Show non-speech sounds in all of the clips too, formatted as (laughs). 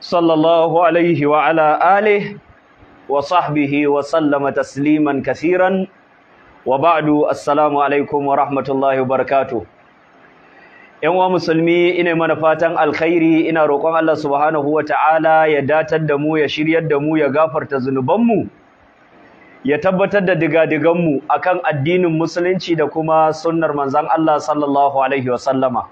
صلى الله عليه وعلى آله وصحبه وسلم تسليما كثيرا وبعد السلام عليكم ورحمة الله وبركاته ‘Yan uwa musulmi ina mana fatan alkhairi ina roƙon Allah subhanahu wa ta'ala ya datar da mu ya shiryar da mu ya gafarta zunubanmu ya tabbatar da diga-digan digadiganmu akan addinin musulunci da kuma sunnar manzon Allah sallallahu alaihi wa sallama.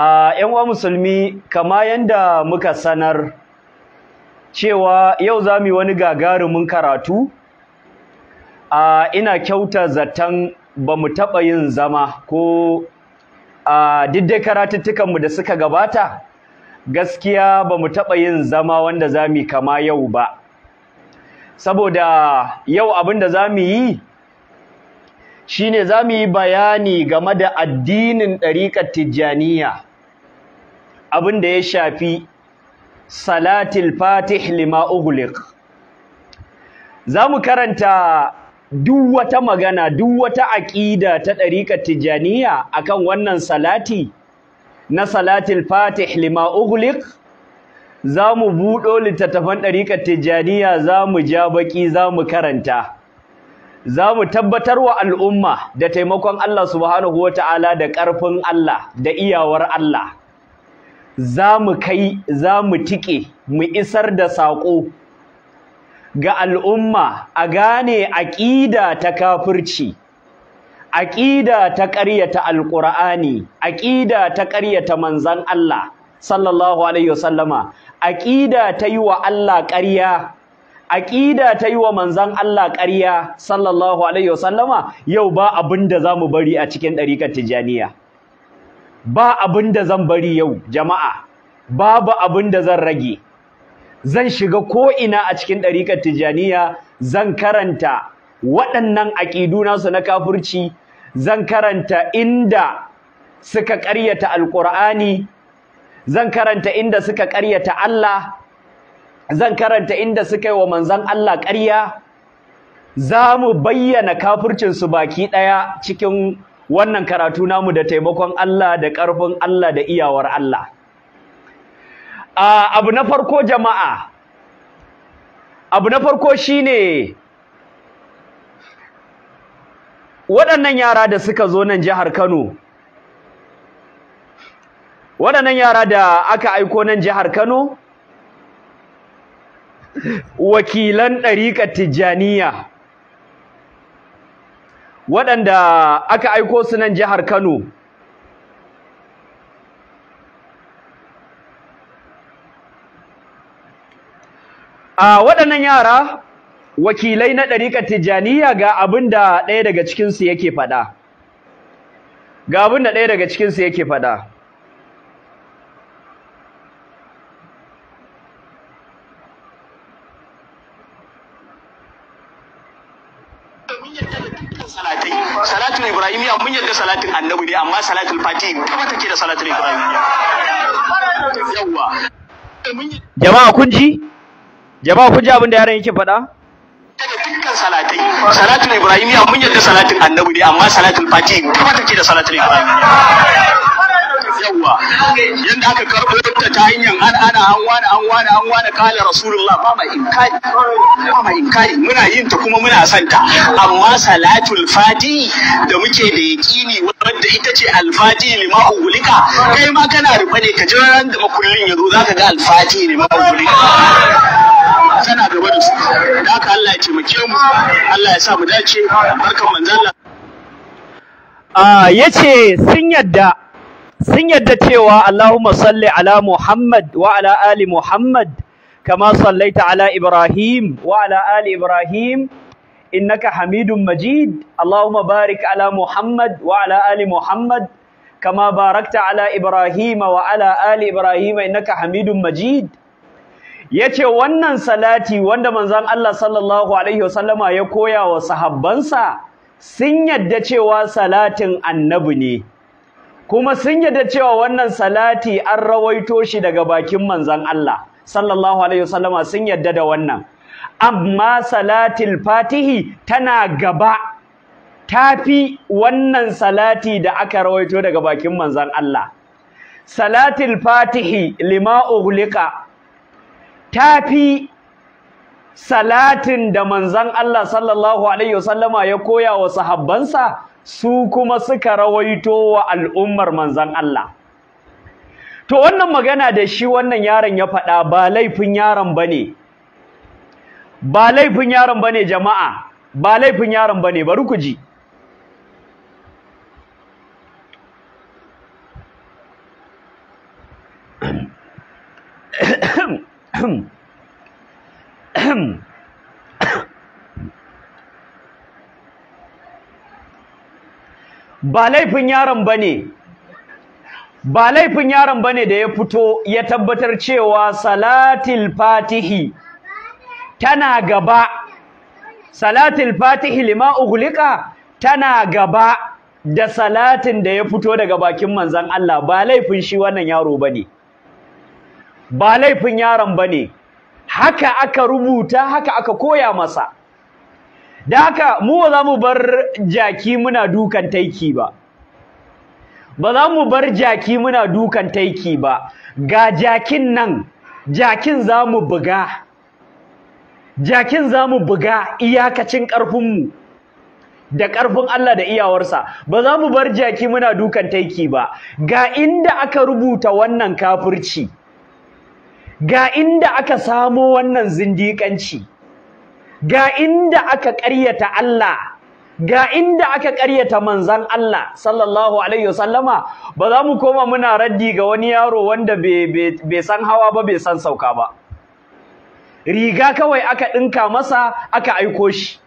a yan uwa musulmi kama yanda muka sanar cewa yau za mu wani gagarumin karatu a ina kyauta zaton ba mu taɓa yin zama ko a diddai karatuttukanmu da suka gabata gaskiya ba mu taɓa yin zama wanda za mu kama yau ba saboda yau abin da za mu yi shine za mu yi bayani game da addinin ɗariƙar tijjaniya abin da ya shafi salatil fatih lima ughliq zamu karanta duk wata magana duk wata aqida ta dariqat tijaniya akan wannan salati na salatil fatih lima ughliq zamu budo littattafan dariqat tijaniya zamu ja baki zamu karanta za mu tabbatar wa al'umma da taimakon Allah subhanahu wa ta'ala da ƙarfin Allah da iyawar Allah za mu kai za mu tike mu isar da saƙo ga al'umma a gane aƙida ta kafirci aƙida ta ƙaryata alƙur'ani aƙida ta ƙaryata manzan Allah sallallahu alaihi wasallama aƙida ta yi wa Allah ƙarya aƙida ta yi wa manzan Allah ƙarya sallallahu alaihi wasallama yau ba abin da za mu bari a cikin ɗarikar tijjaniya ba abin da zan bari yau jama'a babu abin da zan rage zan shiga ko'ina a cikin ɗariƙar tijjaniya zan karanta waɗannan aƙidu nasu na kafurci? zan karanta inda suka ƙaryata alƙur'ani zan karanta inda suka ƙaryata Allah zan karanta inda suka yi wa manzon Allah ƙarya za mu bayyana kafurcinsu baki ɗaya cikin wannan karatu namu da taimakon Allah da ƙarfin Allah da iyawar Allah abu na farko jama'a abu na farko shine waɗannan yara da suka zo nan jihar Kano waɗannan yara da aka aiko nan jihar Kano wakilan ɗariƙar Tijjaniya waɗanda aka aiko su nan jihar Kano a waɗannan yara wakilai na ɗariƙar Tijjaniya ga abin da ɗaya daga cikinsu yake faɗa ga abin da ɗaya daga cikinsu yake faɗa bukhari salatul ibrahim ya mun yadda salatul annabi ne amma salatul fatih kuma take da salatul ibrahim yawa jama'a kun ji jama'a kun ji abin da yaron yake faɗa daga dukkan salatai salatul ibrahimiya mun yadda salatin annabi ne amma salatul fatih kuma take da salatul ibrahim yawa yanda aka karbo ta ta hanyar an ana an wani an wani an wani kala rasulullah ba ma inkari ba mai inkari muna yin ta kuma muna son ta amma salatul fati da muke da yaqini wadda ita ce alfati lima ugulika kai ma kana rufe ne ka ji ran da makullin yazo zaka ga alfati lima ugulika tana gaba da su da ka Allah ya taimake mu Allah ya sa mu dace barkan manzon Allah ah yace sun yadda sun yadda cewa Allahumma salli ala Muhammad wa ala ali Muhammad kama sallaita ala Ibrahim wa ala ali Ibrahim innaka Hamidum Majid Allahumma barik ala Muhammad wa ala ali Muhammad kama barakta ala Ibrahim wa ala ali Ibrahim innaka Hamidum Majid yace wannan salati wanda manzon Allah sallallahu alaihi wasallama ya koya wa sahabbansa sun yadda cewa salatin annabi ne kuma sun yarda cewa wannan salati an rawaito shi daga bakin manzon Allah sallallahu alaihi wasallama sun yadda da wannan amma salatil fatihi tana gaba tafi wannan salati da aka rawaito daga bakin manzon Allah salatil fatihi lima ughliqa tafi salatin da manzon Allah sallallahu alaihi wasallama ya koya wa sahabbansa su kuma suka rawaito wa al'ummar manzan Allah to wannan magana da shi wannan yaron ya faɗa ba laifin yaron bane ba laifin yaron bane jama'a ba laifin yaron bane bari ku ji Ahem. ba laifin yaron bane ba laifin yaron bane da ya fito ya tabbatar cewa salatil fatihi tana gaba salatil fatihi lima ughliqa tana gaba da salatin da ya fito daga bakin manzon Allah ba laifin shi wannan yaro bane ba laifin yaron bane haka aka rubuta haka aka koya masa da haka mu ba za mu bar jaki muna dukan taiki ba ba za mu bar jaki muna dukan taiki ba ga jakin nan jakin za mu buga jakin za mu buga iyakacin ƙarfinmu da ƙarfin Allah da iyawarsa ba za mu bar jaki muna dukan taiki ba ga inda aka rubuta wannan kafirci ga inda aka samo wannan zindiƙanci ga inda aka ƙaryata Allah ga inda aka ƙaryata manzan Allah sallallahu alaihi wasallama ba za mu koma muna raddi ga wani yaro wanda bai san hawa ba bai san sauka ba riga kawai aka ɗinka masa aka aiko shi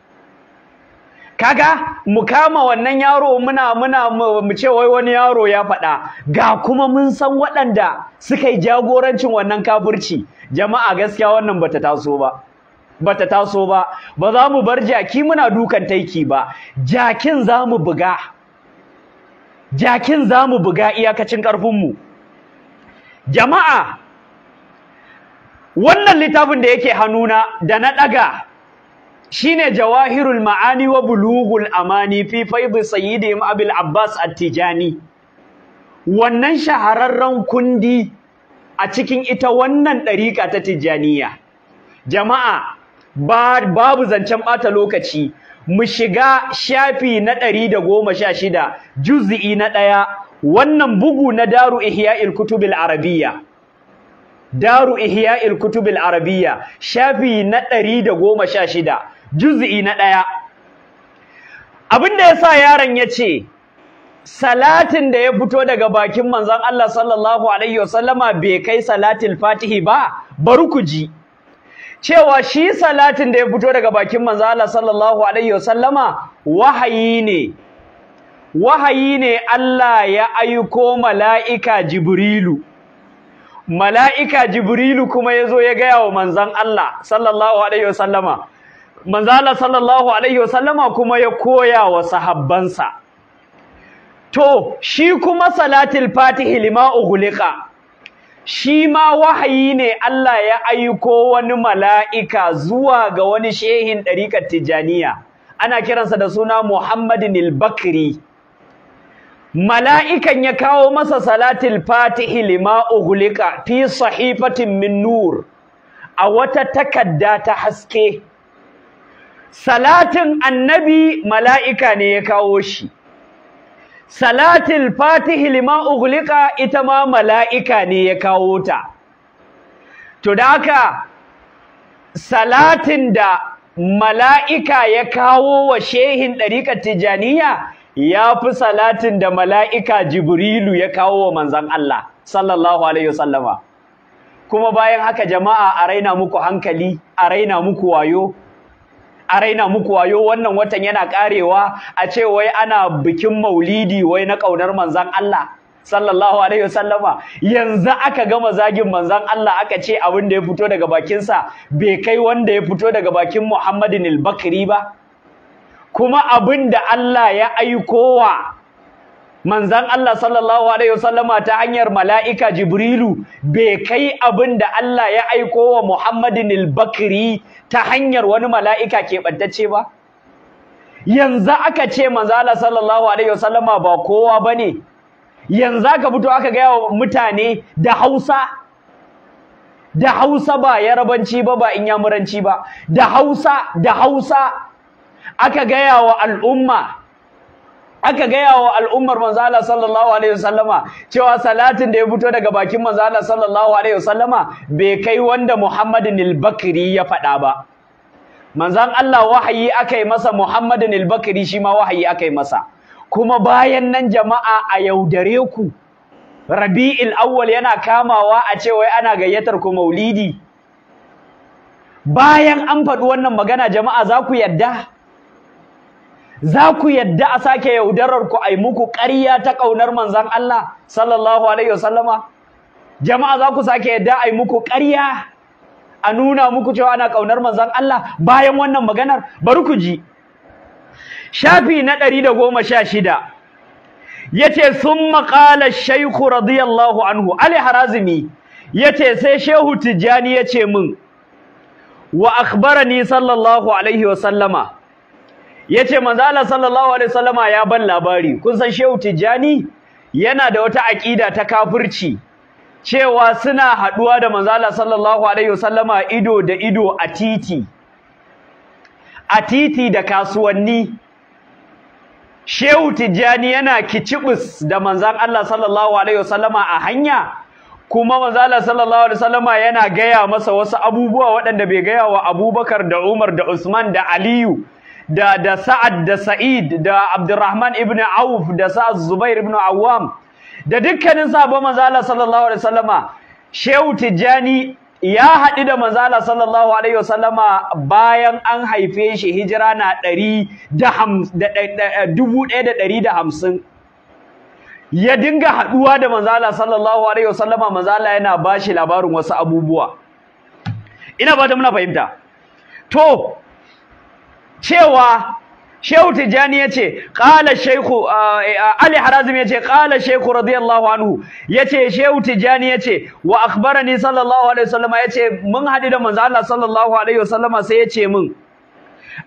kaga mu kama wannan yaro muna muna mu ce wai wani yaro ya faɗa ga kuma mun san waɗanda suka yi jagorancin wannan kafirci jama'a gaskiya wannan bata taso ba bata taso ba ba za mu bar jaki muna dukan taiki ba jakin za mu buga jakin za mu buga iyakacin ƙarfinmu jama'a wannan littafin da yake hannuna da na ɗaga shine jawahirul ma'ani wa bulughul amani fi faidi sayyidi abul abbas at-tijani wannan shahararren kundi a cikin ita wannan ɗariƙa ta tijaniya jama'a babu zancen ɓata lokaci mu shiga shafi na ɗari da goma sha shida juz'i na ɗaya wannan bugu na daru Ihya kutubil arabiyya daru Ihya kutubil arabiyya shafi na ɗari da goma sha shida juz'i na ɗaya abinda da ya sa yaron ya ce salatin da ya fito daga bakin manzon Allah sallallahu alaihi wasallama bai kai salatil fatihi ba bari ku ji cewa shi salatin da ya fito daga bakin manzo Allah sallallahu alaihi wasallama wahayi ne wahayi ne Allah ya aiko mala'ika Jibrilu mala'ika Jibrilu kuma yazo ya gaya wa manzon Allah sallallahu alaihi wasallama manzo Allah sallallahu alaihi wasallama kuma ya koya wa sahabbansa to shi kuma salatul fatihi lima ughliqa shi ma wahayi ne Allah ya aiko wani mala'ika zuwa ga wani shehin ɗariƙar Tijaniya, ana kiransa da suna Muhammadin al Mala'ikan ya kawo masa salatil fatihi lima ughliqa fi sahifatin min a wata takadda ta haske. Salatin annabi mala'ika ne ya kawo shi. salatil fatihi lima ughliqa ita ma mala'ika ne ya kawo ta to da haka salatin da mala'ika ya kawo wa shehin ɗariƙar tijaniya ya fi salatin da mala'ika jibrilu ya kawo wa manzan Allah sallallahu alaihi wasallama kuma bayan haka jama'a a raina muku hankali a raina muku wayo a raina muku wayo wannan watan yana karewa a ce wai ana bikin maulidi wai na kaunar manzon Allah sallallahu alaihi wasallama yanzu aka gama zagin manzon Allah aka ce abin da ya fito daga bakinsa bai kai wanda ya fito daga bakin Muhammadin al-Bakri ba kuma abin da Allah ya aikowa manzan Allah sallallahu alaihi wasallama ta hanyar mala'ika Jibrilu bai kai abin da Allah ya aiko wa Muhammadin al-Bakri ta hanyar wani mala'ika keɓantacce ba yanzu aka ce manzan Allah sallallahu alaihi wasallama ba kowa bane yanzu aka fito aka gaya wa mutane da Hausa da Hausa ba Yarabanci ba ba Inyamuranci ba da Hausa da Hausa aka gaya wa al'umma aka gaya wa al'ummar manzala sallallahu alaihi wasallama cewa salatin da ya fito daga bakin manzala sallallahu alaihi wasallama bai kai wanda Muhammadin al-Bakri ya faɗa ba manzan Allah wahayi aka yi masa Muhammadin al-Bakri shi ma wahayi aka yi masa kuma bayan nan jama'a a yaudare ku Rabi'il Awwal yana kamawa a ce wai ana gayyatar ku Maulidi bayan an faɗi wannan magana jama'a za ku yarda za ku yadda a sake yaudarar ku ai muku ƙarya ta ƙaunar manzan Allah sallallahu alaihi wasallama jama'a za ku sake yadda ai muku ƙarya a nuna muku cewa ana ƙaunar manzan Allah bayan wannan maganar bari ku ji shafi na ɗari da goma sha 116 yace sun qala shaykh radiyallahu anhu ali harazimi yace sai shehu tijani yace min wa akhbarani sallallahu alaihi wa sallama Ya manzo Allah sallallahu alaihi wasallama ya ban labari kun san Shehu Tijjani yana da wata aƙida ta kafirci cewa suna haduwa da manzo Allah sallallahu alaihi wasallama ido da ido a titi a titi da kasuwanni Shehu Tijjani yana kicibus da manzan Allah sallallahu alaihi wasallama a hanya kuma manzo Allah sallallahu alaihi wasallama yana gaya masa wasu abubuwa waɗanda bai gaya wa Abubakar da Umar da Usman da Aliyu da da Sa'ad da Sa'id da Abdurrahman ibn Auf da Sa'ad Zubair ibn Awwam da dukkanin sahabban manzo Allah sallallahu alaihi wasallama Shehu Tijani ya haɗu da manzo Allah sallallahu alaihi wasallama bayan an haife shi hijira na 1150 eh, ya dinga haɗuwa da manzo Allah sallallahu alaihi wasallama manzo Allah yana bashi labarin wasu abubuwa ina ba ta muna fahimta to cewa Shehu Tijjani ya ce, ƙala Shehu, uh, uh, Ali Harazim ya ce, ƙala Shehu radiyallahu anhu, ya ce, Shehu Tijjani ya ce, wa akbarani sallallahu alaihi wasallama ya ce, mun haɗu da manzo Allah sallallahu alaihi wasallama sai ya ce min,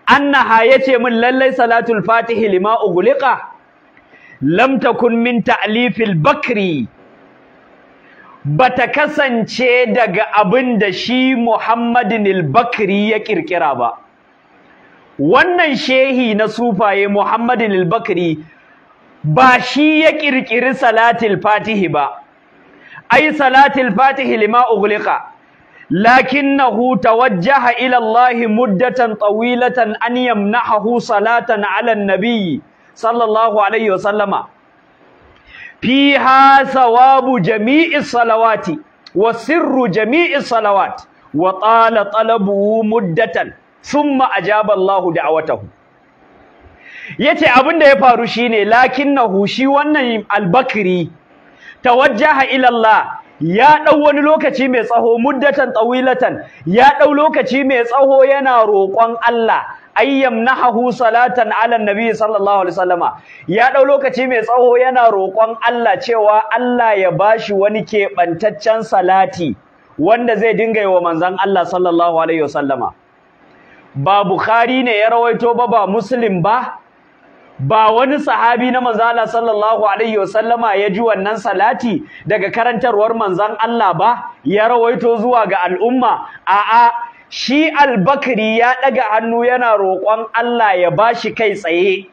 annaha ya ce min lallai salatul fatihi lima ugulika, lam kun min ta'alifil bakri bata kasance daga abin da shi Muhammadin al-Bakri ya kirkira ba. wannan shehi na sufaye Muhammadin al-Bakri ba shi ya kirkiri salatul fatihi ba ai salatul fatihi lima ughliqa lakinnahu tawajjaha ila Allah muddatan tawilatan an yamnahu salatan ala an-nabi sallallahu alaihi wasallama fiha thawabu jami'i salawati wa sirru jami'i salawat wa tala talabu muddatan summa ajaba Allahu da'awatahu yace abin da ya faru shine lakinnahu shi wannan al-bakri tawajjaha ila Allah ya ɗau wani lokaci mai tsaho muddatan tawilatan ya ɗau lokaci mai tsaho yana roƙon Allah ayyam nahahu salatan ala nabi sallallahu alaihi wasallama ya ɗau lokaci mai tsaho yana roƙon Allah cewa Allah ya bashi wani keɓantaccen salati wanda zai dinga yi wa manzon Allah sallallahu alaihi wasallama ba Bukhari ne ya rawaito ba ba Muslim ba ba wani sahabi na manzala sallallahu alaihi wasallama ya ji wannan salati daga karantarwar manzan Allah ba ya rawaito zuwa ga al'umma a'a shi al-Bakri ya daga hannu yana roƙon Allah ya bashi kai tsaye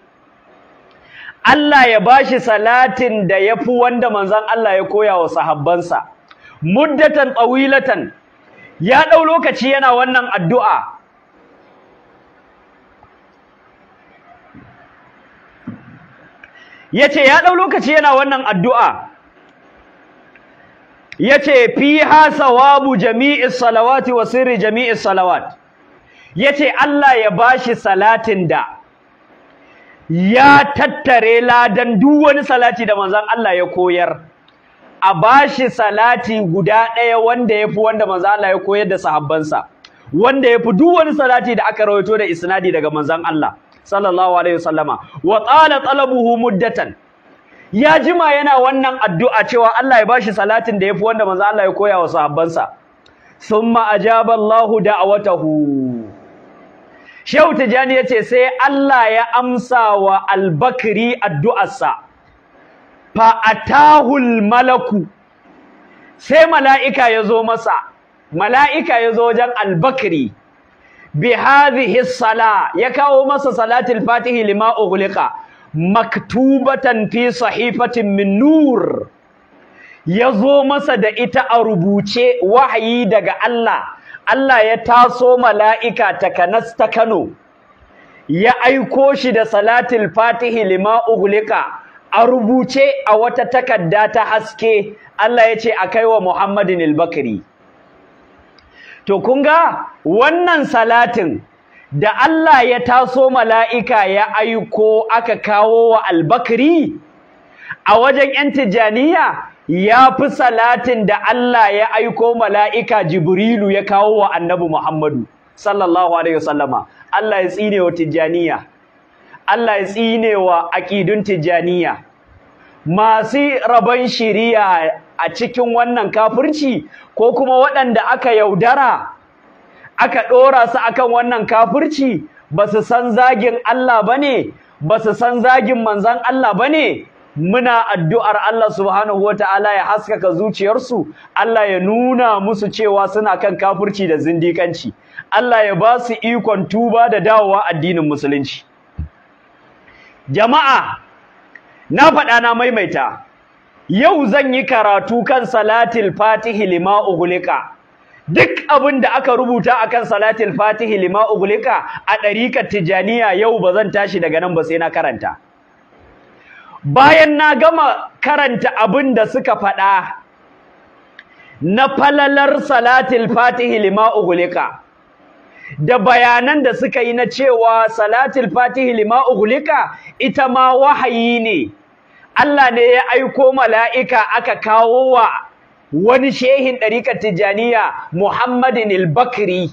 Allah ya bashi salatin da yafi wanda manzan Allah ya koya wa sahabbansa muddatan tsawilatan ya dau lokaci yana wannan addu'a yace ya ɗau lokaci yana wannan addu'a yace fiha sawabu jami'i salawati wa sirri jami'i salawat yace Allah ya bashi salatin da ya tattare ladan duk wani salati da manzon Allah ya koyar a bashi salati guda ɗaya wanda ya fi wanda manzo Allah ya koyar da sahabbansa wanda ya fi duk wani salati da aka rawaito da isnadi daga manzon Allah sallallahu alaihi wasallama wa tala talabuhu muddatan ya jima yana wannan addu'a cewa Allah ya bashi salatin da yafi wanda manzo Allah ya koya wa sahabbansa thumma ajaba Allahu da'watahu Shehu Tijani yace sai Allah ya amsa wa Albakri addu'arsa fa atahul malaku sai mala'ika yazo masa mala'ika yazo wajen al bi sala ya kawo masa salatil fatihi lima ughliqa maktubatan fi sahifatin min nur masa da ita a rubuce wahayi daga Allah Allah ya taso mala'ika takanas ta Kano ya aiko shi da salatil fatihi lima ughliqa a rubuce a wata takarda ta haske Allah ya ce a kaiwa Muhammadin al-Bakri to kun ga wannan salatin da Allah ya taso mala'ika ya aiko aka kawo wa albakri a wajen ‘yan tijaniya ya fi salatin da Allah ya aiko mala'ika Jibrilu ya kawo wa annabi Muhammadu, sallallahu Alaihi wasallama. Allah ya tsine wa tijaniya, Allah ya tsine wa aƙidun tijaniya. masu rabon shiriya a cikin wannan kafirci ko kuma waɗanda aka yaudara aka ɗora su akan wannan kafirci ba su san zagin Allah ba ne ba su san zagin manzan Allah ba ne muna addu'ar Allah subhanahu Ta'ala ya haskaka zuciyarsu Allah ya nuna musu cewa suna kan kafirci da zindikanci Allah ya ba su ikon tuba da dawowa addinin musulunci jama'a na faɗa na maimaita yau zan yi karatu kan salatil fatihi lima ughliqa duk abin da aka rubuta akan salatil fatihi lima ughliqa a ɗarikar tijaniya yau ba zan tashi daga nan ba sai na karanta bayan na gama karanta abin da suka faɗa na falalar salatil fatihi lima ughliqa da bayanan da suka yi na cewa salatul fatihi lima ughliqa ita ma wahayi ne Allah ne ya aiko mala'ika aka kawo wa wani shehin ɗariƙar Tijjaniya Muhammadin al-Bakri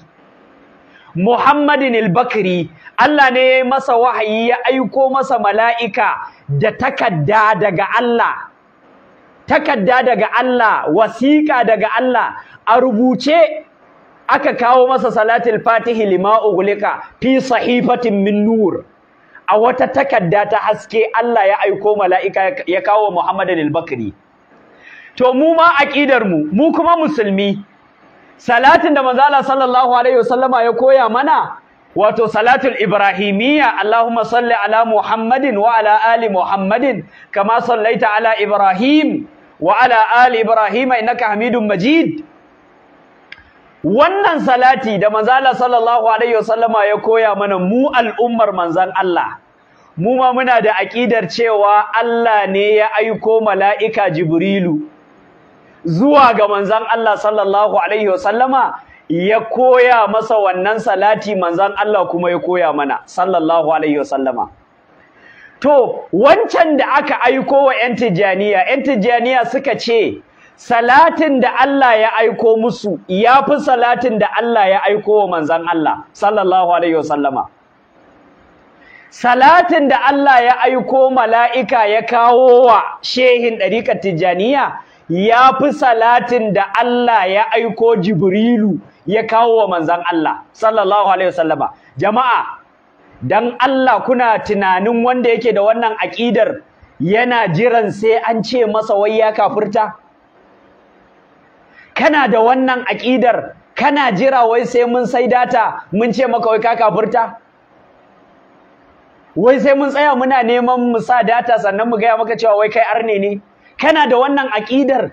Muhammadin al-Bakri Allah ne ya yi masa wahayi ya aiko masa mala'ika da takadda daga Allah takadda daga Allah wasiƙa daga Allah a rubuce aka kawo masa salatul fatihi lima fi sahifatin min nur a wata takarda ta haske Allah ya aiko mala'ika ya kawo Muhammad al-Bakri to mu ma aqidar mu mu kuma musulmi salatin da manzo Allah sallallahu alaihi wasallama ya koya mana wato salatul ibrahimiyya Allahumma salli ala Muhammadin wa ala ali Muhammadin kama sallaita ala Ibrahim wa ala ali Ibrahim innaka Hamidum Majid wannan salati da manzala sallallahu alaihi wasallam ya koya mana mu al'ummar manzon Allah mu ma muna da aƙidar cewa Allah ne ya aiko mala'ika Jibrilu zuwa ga manzon Allah sallallahu alaihi wasallama ya koya masa wannan salati manzon Allah kuma ya koya mana sallallahu alaihi wasallama to wancan da aka aiko wa ‘yan Tijaniya, ‘yan Tijaniya suka ce salatin da Allah ya aiko musu ya fi salatin da Allah ya aiko wa manzan Allah sallallahu alaihi wasallama salatin da Allah ya aiko mala'ika ya kawo wa shehin ɗariƙar tijjaniya ya fi salatin da Allah ya aiko jibrilu ya kawo wa manzan Allah sallallahu alaihi wasallama jama'a don Allah kuna tunanin wanda yake da wannan aƙidar yana jiran sai an ce masa wai ya kafurta. kana da wannan aƙidar kana jira wai sai mun sai data mun ce maka wai kaka kafurta wai sai mun tsaya muna neman mu sa data sannan mu gaya maka cewa wai kai arne ne kana da wannan aƙidar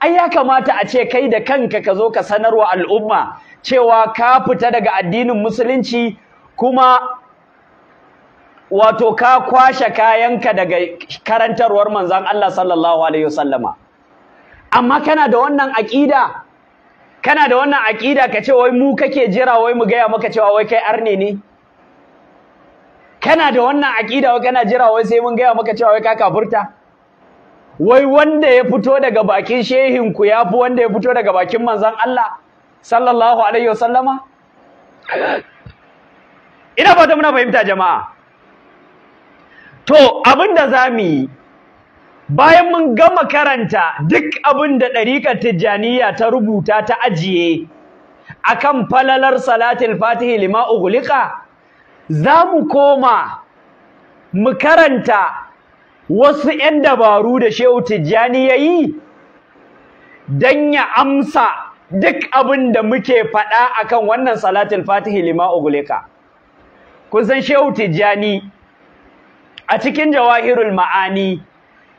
ai ya kamata a ce kai da kanka ka zo ka sanarwa al'umma cewa ka fita daga addinin musulunci kuma wato ka kwashe kayanka daga karantarwar manzon Allah sallallahu alaihi wasallama amma kana da wannan aƙida kana da wannan aƙida ka ce wai mu kake jira wai mu gaya maka cewa wai kai arne ne kana da wannan aƙida wai kana jira wai sai mun gaya maka cewa wai ka kafurta wai wanda ya fito daga bakin shehin ku ya fi wanda ya fito daga bakin manzon Allah sallallahu alaihi wasallama ina fata muna fahimta jama'a to abin da za mu yi bayan mun gama karanta duk abin da ɗariƙar tijjaniya ta rubuta ta ajiye a kan falalar salatul fatihi lima ughliqa za mu koma mu karanta wasu 'yan dabaru da shehu tijjani ya yi don ya amsa duk abin da muke faɗa kan wannan Salatin fatihi lima ughliqa kun san shehu tijjani a cikin jawahirul ma'ani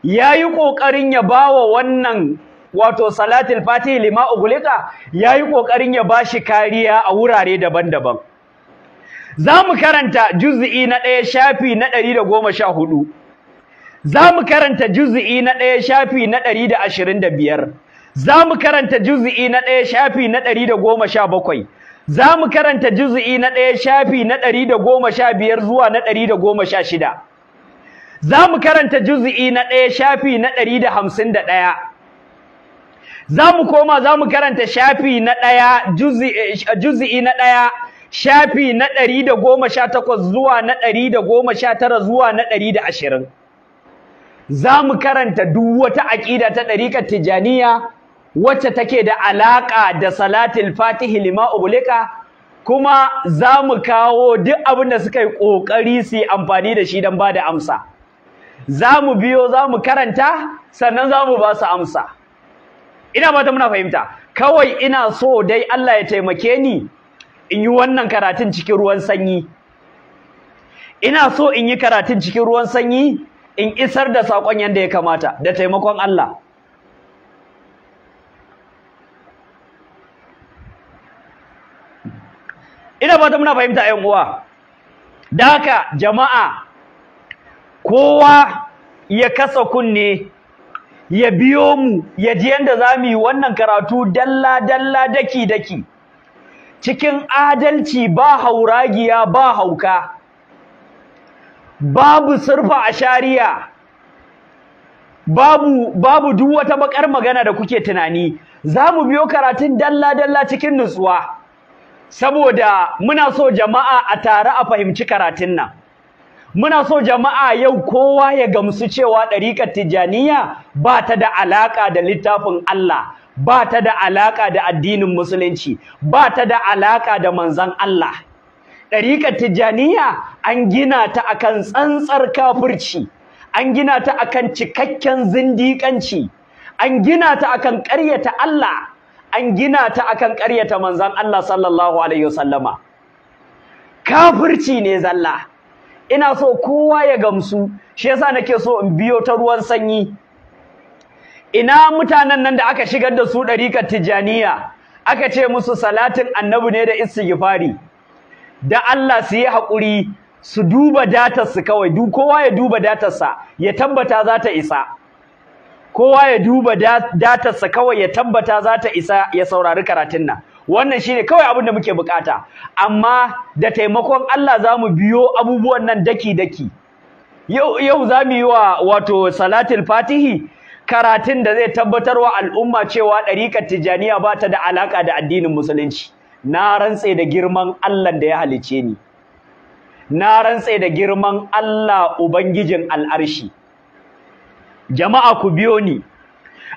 Ya yi ƙoƙarin ya bawa wannan wato salatul fatih lima ugulika yi ƙoƙarin ya ba shi kariya a wurare daban-daban Za mu karanta juz'i na ɗaya shafi na ɗari da goma sha hudu. Za mu karanta juz'i na ɗaya shafi na ɗari da da ashirin biyar. Za mu karanta juz'i na ɗaya shafi na ɗari da goma sha bakwai. Za mu karanta juz'i na ɗaya shafi na ɗari da goma sha biyar zuwa na ɗari da goma sha shida. za mu karanta juz'i na ɗaya shafi na ɗari da hamsin da ɗaya za mu koma za mu karanta shafi na ɗaya eh, juz'i na ɗaya shafi na ɗari da goma sha takwas zuwa na ɗari da goma sha tara zuwa na ɗari da ashirin za mu karanta duk wata aƙida ta ɗariƙar tijaniya wacce take da alaƙa da salatul fatihi lima ubulika kuma za mu kawo duk abin da suka yi ƙoƙari su yi amfani da shi don ba da amsa za mu biyo za mu karanta sannan za mu ba su amsa ina fata muna fahimta kawai ina so dai Allah ya taimake ni in yi wannan karatun cikin ruwan sanyi ina so in yi karatun cikin ruwan sanyi in isar da sakon yanda ya kamata da taimakon Allah ina fata muna fahimta 'yan uwa da haka jama'a kowa ya kasa kunne ya biyo mu ya ji yanda mu yi wannan karatu dalla dalla daki daki cikin adalci ba hauragiya ba hauka babu surfa a shari'a babu babu duk wata bakar magana da kuke tunani za mu biyo karatun dalla dalla cikin nutsuwa saboda muna so jama'a a tare a fahimci karatun nan muna so jama'a yau kowa ya gamsu cewa ɗariƙar tijjaniya ba ta da alaƙa da littafin Allah ba ta da alaƙa da addinin musulunci ba ta da alaƙa da manzan Allah ɗariƙar tijjaniya an gina ta akan tsantsar kafirci an gina ta akan cikakken zindiƙanci an gina ta akan ƙaryata Allah an gina ta akan ƙaryata manzan Allah sallallahu alaihi wasallama kafirci ne zalla ina so kowa ya gamsu shi yasa nake so in biyo ta ruwan sanyi ina mutanen nan da aka shigar da su ɗarikar tijaniya aka ce musu salatin annabi ne da istighfari da Allah su yi haƙuri su duba datarsu kawai du kowa ya duba datarsa ya tabbata za ta isa kowa ya duba datarsa kawai ya tabbata za ta isa ya saurari karatun nan wannan shine kawai abin da muke bukata amma da taimakon Allah zamu biyo abubuwan nan daki daki yau yau zamu yi wa wato salatul fatihi karatun da zai tabbatar wa al'umma cewa dariƙar tijaniya ba ta da alaka da addinin musulunci na rantse da girman Allah da ya halice ni na rantse da girman Allah ubangijin al'arshi jama'a ku biyo ni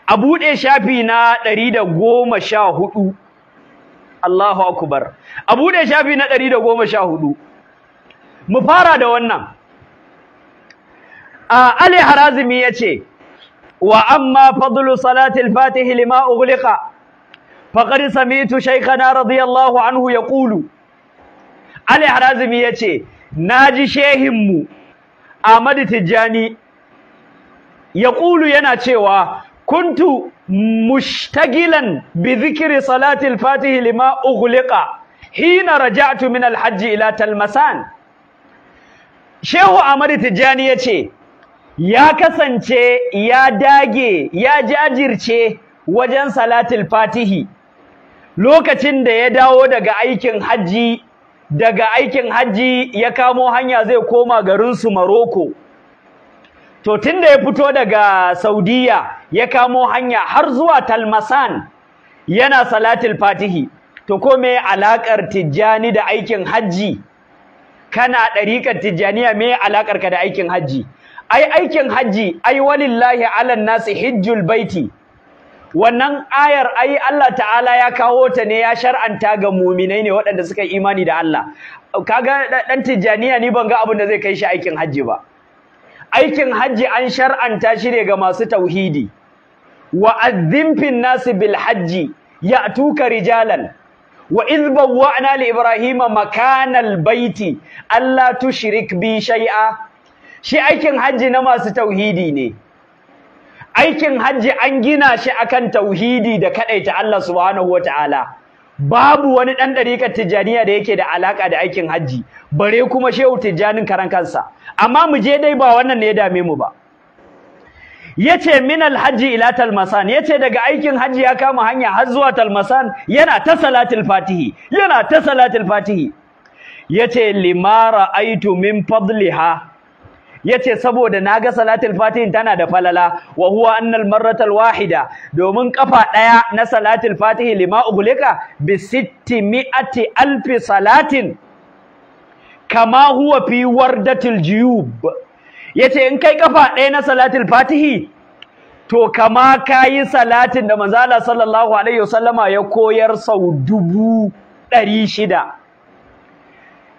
a bude shafi na ɗari da goma sha hudu Allahu akbar a buɗe shafi na ɗari da goma sha hudu mu fara da wannan Ali Harazimi ce wa amma fadlu salati al lima faƙar faqad sami'tu shaykhana radiyallahu anhu yaqulu Ali Harazimi yace naji shehin mu Ahmad Tijjani yaqulu yana cewa kuntu mushtagilan bi zikiri salati al-fatihi lima ughliqa hina raja'tu min al-hajj ila talmasan Shehu Ahmad Tijani yace ya kasance ya dage ya jajirce wajen al fatihi lokacin da ya dawo daga aikin hajji daga aikin hajji ya kamo hanya zai koma garin su Maroko to tun da ya fito daga Saudiya ya kamo hanya har zuwa Talmasan yana salatul fatihi to ko me alakar tijjani da aikin hajji kana ɗariƙar tijjaniya me alakar ka da aikin hajji ai aikin hajji ai walillahi ala nasi hijjul baiti wannan ayar ai Allah ta'ala ya kawo ta ne ya shar'anta ga muminai ne waɗanda suka yi imani da Allah kaga dan tijjaniya ni ban ga abin da zai kai shi aikin hajji ba aikin hajji an shar'anta shi ne ga masu tauhidi wa azzimfin nasu bil hajji ya'tuka rijalan wa idh bawwa'na li ibrahima makanal baiti Allah tu shirik bi shai'a. shi aikin hajji na masu tauhidi ne aikin hajji an gina shi akan tauhidi da kaɗai ta Allah subhanahu ta'ala. babu wani ɗan dariƙar Tijjaniya da yake da alaƙa da aikin hajji bare kuma shehu tijjanin karan kansa amma mu je dai ba wannan ne ya dame mu ba yace min alhaji ila talmasan yace daga aikin haji ya kama hanya har zuwa talmasan yana ta salatul fatihi yana ta salatul fatihi yace limara aitu min fadliha yace saboda naga salatul fatihin tana da falala wa huwa annal marratal wahida domin kafa daya na salatul fatihi lima ugulika bi 600 alfi salatin kama huwa fi wardatil juyub yace in kai kafa ɗaya na salatul fatihi to kama kayi salatin da manzo Allah sallallahu alaihi wasallama ya koyar sau dubu ɗari shida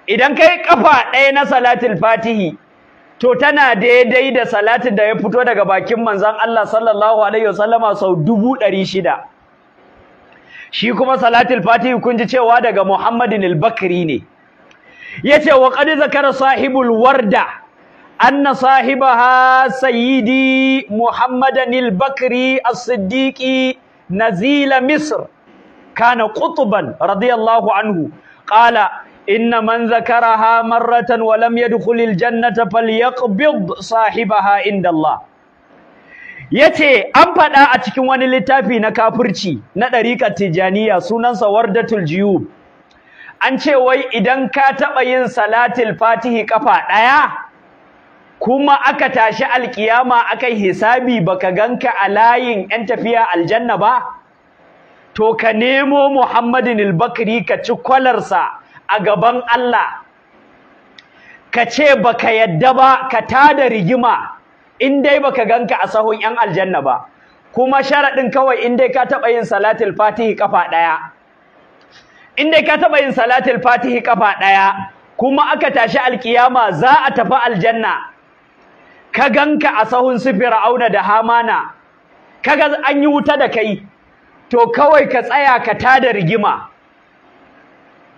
idan kai kafa ɗaya na salatul fatihi to tana daidai da salatin da ya fito daga bakin manzon Allah sallallahu alaihi wasallama sau dubu ɗari shida shi kuma salatul fatihi kun ji cewa daga Muhammadin al-Bakri ne yace wa qad zakara sahibul warda anna sahibaha sayyidi muhammadan al-bakri as-siddiqi nazila misr kana qutban radiyallahu anhu qala inna man zakaraha marratan wa lam yadkhul al-jannata falyaqbid sahibaha inda Allah yace an faɗa a cikin wani littafi na kafirci na ɗariƙar tijaniya sunansa wardatul jiyub an ce wai idan ka taɓa yin salatul fatihi kafa ɗaya kuma aka tashi alkiyama akai hisabi baka ganka a layin yan tafiya aljanna ba to ka nemo Muhammadin al ka ci kwalarsa a gaban Allah ka ce baka yadda ba ka tada rigima in dai baka ganka a sahun yan aljanna ba kuma sharaɗin kawai in dai ka taɓa yin salatul fatihi kafa ɗaya in dai ka taɓa yin salatul fatihi kafa ɗaya kuma aka tashi alkiyama za a tafi aljanna ka ganka a sahun su fir'auna da hamana kaga an yi wuta da kai to kawai ka tsaya ka tada rigima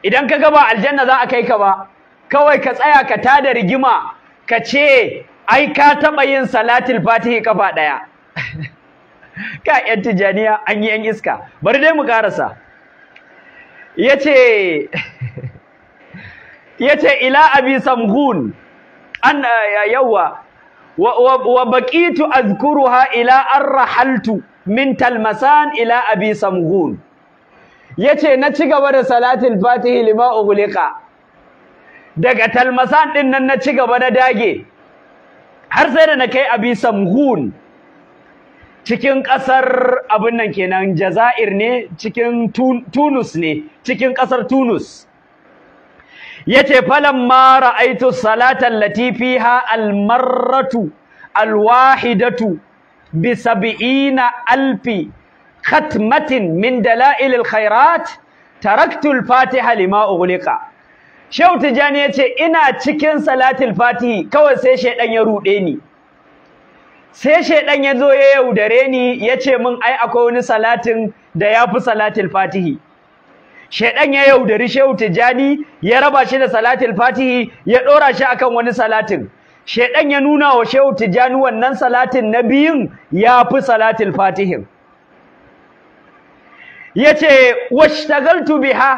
idan ka gaba aljanna za a kai ka ba kawai ka tsaya ka tada rigima ka ce ai ka taɓa yin salatul fatihi kafa ɗaya (laughs) ka yan tijaniya an yi yan iska bari dai mu karasa yace ce ila abi samhun an eh, yawa wa baqitu azkuruha ila Haltu min talmasan ila abi Ya yace na ci gaba da salatin fatihi lima ughliqa daga talmasan din nan na ci gaba da dage har sai da na kai abi samhun cikin ƙasar abin nan kenan Jazair ne cikin Tunus ne cikin ƙasar Tunus yace falamma ra'aytu salatan Latifi ha almarratu alwahidatu bi sab'ina alfi khatmatin min dalail Taraktul Fati Halima, lima ughliqa Shehu ya yace ina cikin salatul Fati kawai sai shedan ya ruɗe ni sai shaidan ya zo ya yaudare ni ya ce min ai akwai wani salatin da ya fi salatul fatihi shaidan ya yaudari shehu tijjani ya raba shi da salatul fatihi ya ɗora shi akan wani salatin shaidan ya nuna wa shehu tijjani wannan salatin na biyun ya fi salatul fatihin ya ce washtagaltu biha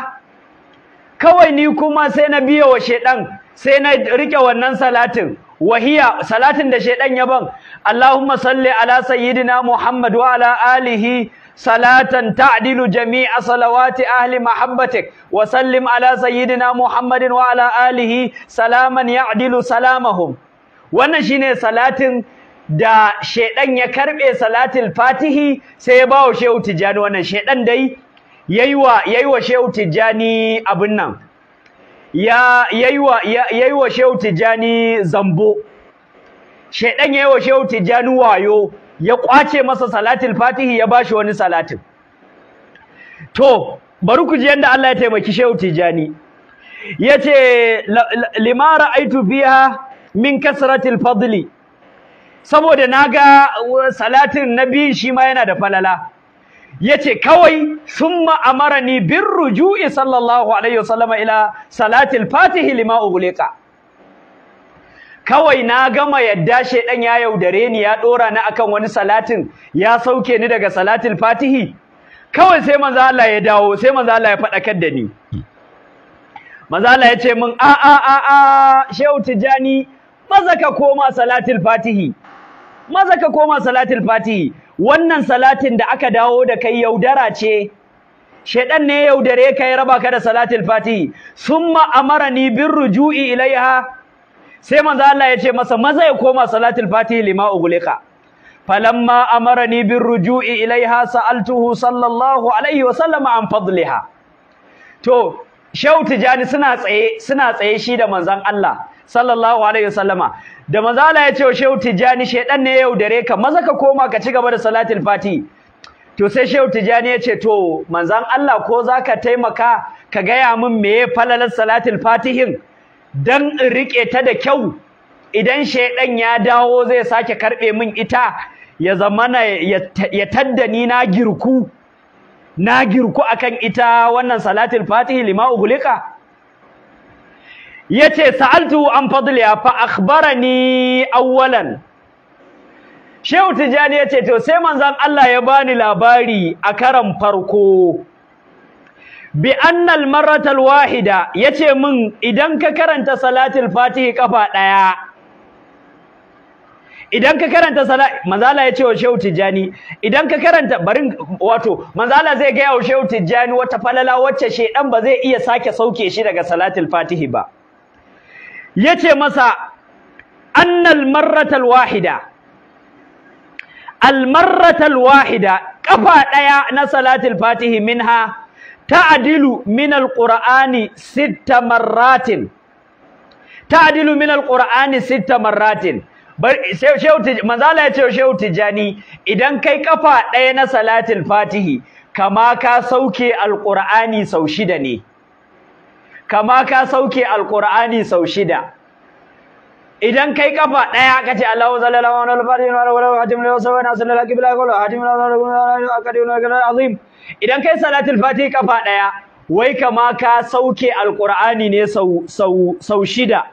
kawai ni kuma sai na biya wa shaidan sai na rike wannan salatin wahiya salatin da shaiɗan ya ban Allahumma salli ala sayyidina Muhammad wa alihi salatan ta'dilu jami'a salawati ahli mahabbatik wa sallim ala sayyidina Muhammadin wa alihi salaman ya'dilu salamahum wannan shine salatin da shaiɗan ya karbe Salatin fatihi sai ya bawo shehu tijani wannan shedan dai yayi wa wa shehu tijani abin nan ya yaiwa yaiwa Shehu Tijani zambo shedan yaiwa Shehu Tijani wayo ya kwace masa salatul fatihi ya bashi wani salatin to bari ku ji yanda Allah ya taimaki Shehu Tijani yace lima ra'aitu biha min kasratil fadli saboda naga uh, salatin nabi shi ma yana da falala yace kawai summa amarani bir ruju'i sallallahu alaihi wasallama ila salatil fatihi lima ughliqa kawai na gama yadda shedan ya yaudare ni ya dora ni akan wani salatin ya sauke ni daga salatil fatihi kawai sai manzo ya dawo sai manzo ya fadakar da ni manzo Allah ya ce min a a a a shehu tijani maza ka koma salatil fatihi maza ka koma salatil fatihi wannan salatin da aka dawo da kai yaudara ce shedan ne yaudare ka ya raba ka da salatin fatihi summa amarani bin ruju'i ilaiha sai manzo Allah ya ce masa maza ya koma salatul fatihi lima ughliqa falamma amarani bin ruju'i ilaiha sa'altuhu sallallahu alaihi wa sallama an fadliha to Shehu Tijani suna tsaye suna tsaye shi da manzon Allah sallallahu alaihi wasallama da manzala ya ce shehu tijjani shedan ne yau dare ka maza ka koma ka ci gaba da salatul fati to sai shehu tijjani ya ce to manzan Allah ko zaka taimaka ka gaya min meye falalar salatul fatihin dan in rike ta da kyau idan shedan ya dawo zai sake karbe min ita ya zamana ya tadda ni na girku na girku akan ita wannan salatul fatihi lima ughliqa yace sa'altu an fadliya fa akhbarani awwalan Shehu Tijani yace to sai manzon Allah ya bani labari a karan farko bi annal marratal wahida yace min idan ka karanta salatul fatihi kafa daya idan ka karanta salat manzala yace wa Shehu Tijani idan ka karanta barin wato manzala zai ga wa Shehu Tijani wata falala wacce shedan ba zai iya sake sauke shi daga salatul fatihi ba yace masa annal marratal wahida al marratal wahida kafa daya na salatul fatihi minha ta'dilu min al qur'ani sitta marratin ta'dilu min al qur'ani sitta marratin manzala ya ce shehu idan kai kafa ɗaya na salatul fatihi kama ka sauke alƙur'ani sau shida ne kama ka sauke alqur'ani sau shida idan kai kafa daya kace Allahu sallallahu alaihi wa sallam wa hatim lahu sawana sallallahu alaihi wa sallam hatim lahu akadun azim idan kai salatul fatihi kafa daya wai kama ka sauke alqur'ani ne sau sau sau shida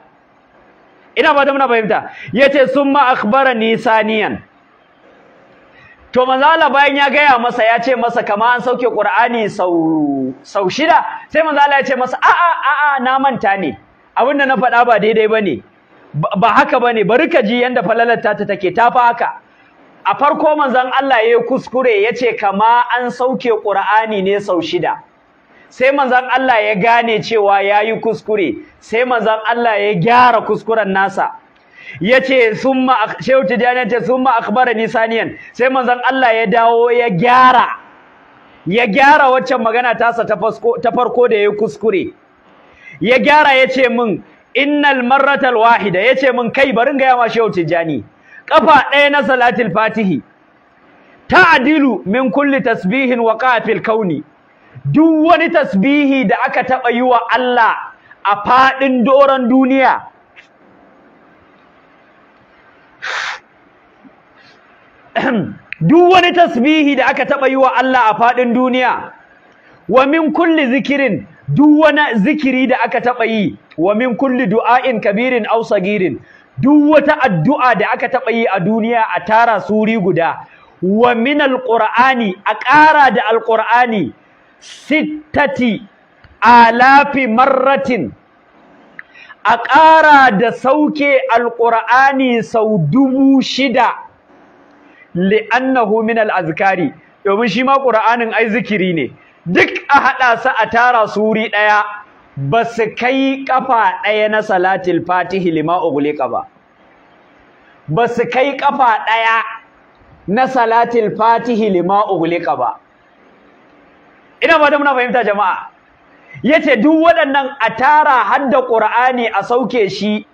ina ba da muna fahimta yace summa akhbarani saniyan to Manzala bayan ya gaya masa ya ce masa kama an sauke Qur'ani sau sau shida sai manzo Allah ya ce masa a'a a na manta ne abin da na faɗa ba daidai bane ba haka bane bari ka ji yanda falalar ta ta take ta fa haka a farko manzon Allah ya kuskure ya ce kama an sauke Qur'ani ne sau shida sai manzon Allah ya gane cewa yayi kuskure sai manzon Allah ya gyara kuskuren nasa yace summa shehu tijani ce, summa akhbarani nisaniyan sai manzon Allah ya dawo ya gyara ya gyara waccan magana tasa ta farko da ya kuskure ya gyara ya ce min innal marratal wahida ya ce min kai barin gaya ma shehu tijani kafa ɗaya na salatul fatihi ta'dilu min kulli tasbihin wa qafil kauni duk wani tasbihi da aka taɓa yi wa Allah a faɗin doron duniya (clears throat) duk wani tasbihi da aka taba yi wa Allah a fadin duniya wa min kulli zikirin duk wani zikiri da aka taba yi wa min kulli du'ain kabirin aw sagirin duk wata addu'a da aka taba yi a duniya a tara suri guda wa min alqur'ani a ƙara da alqur'ani sittati alafi marratin a ƙara da sauke alƙur'ani sau dubu shida li'annahu min al'azikari domin shi ma ƙur'anin ai zikiri ne duk a haɗa su a tara su wuri ɗaya ba su kai ƙafa ɗaya na salatil fatihi lima ba ba su kai ƙafa ɗaya na salatil fatihi lima ba ina ba da muna fahimta jama'a yace duk waɗannan a tara hadda Qur'ani a sauke shi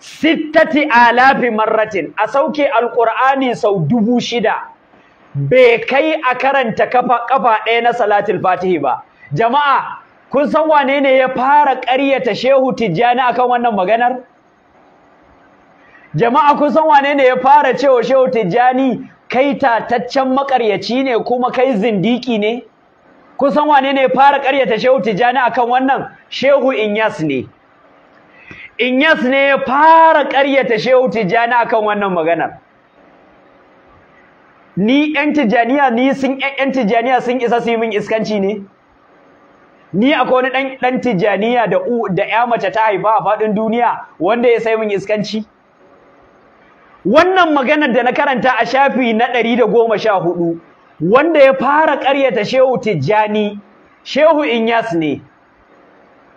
sittati alafi marratin a sauke alqur'ani sau dubu shida bai kai a karanta kafa kafa ɗaya na salatul fatihi ba jama'a kun san wane ne ya fara ƙaryata shehu tijjani akan wannan maganar jama'a kun san wane ne ya fara cewa shehu tijjani kai tataccen maƙaryaci ne kuma kai zindiki ne kusan wane ne fara ƙaryata shehu tijjani akan wannan shehu inyas ne inyas ne ya fara ƙaryata shehu tijjani akan wannan maganar ni ƴan tijjaniya ni sun tijjaniya sun isa su yi min iskanci ne ni akwai wani ɗan Tijaniya da U da ƴa mace ta haifa a faɗin duniya wanda ya sai min iskanci wannan maganar da na karanta a shafi na ɗari da goma sha hudu wanda ya fara ƙaryata shehu tijjani shehu inyas ne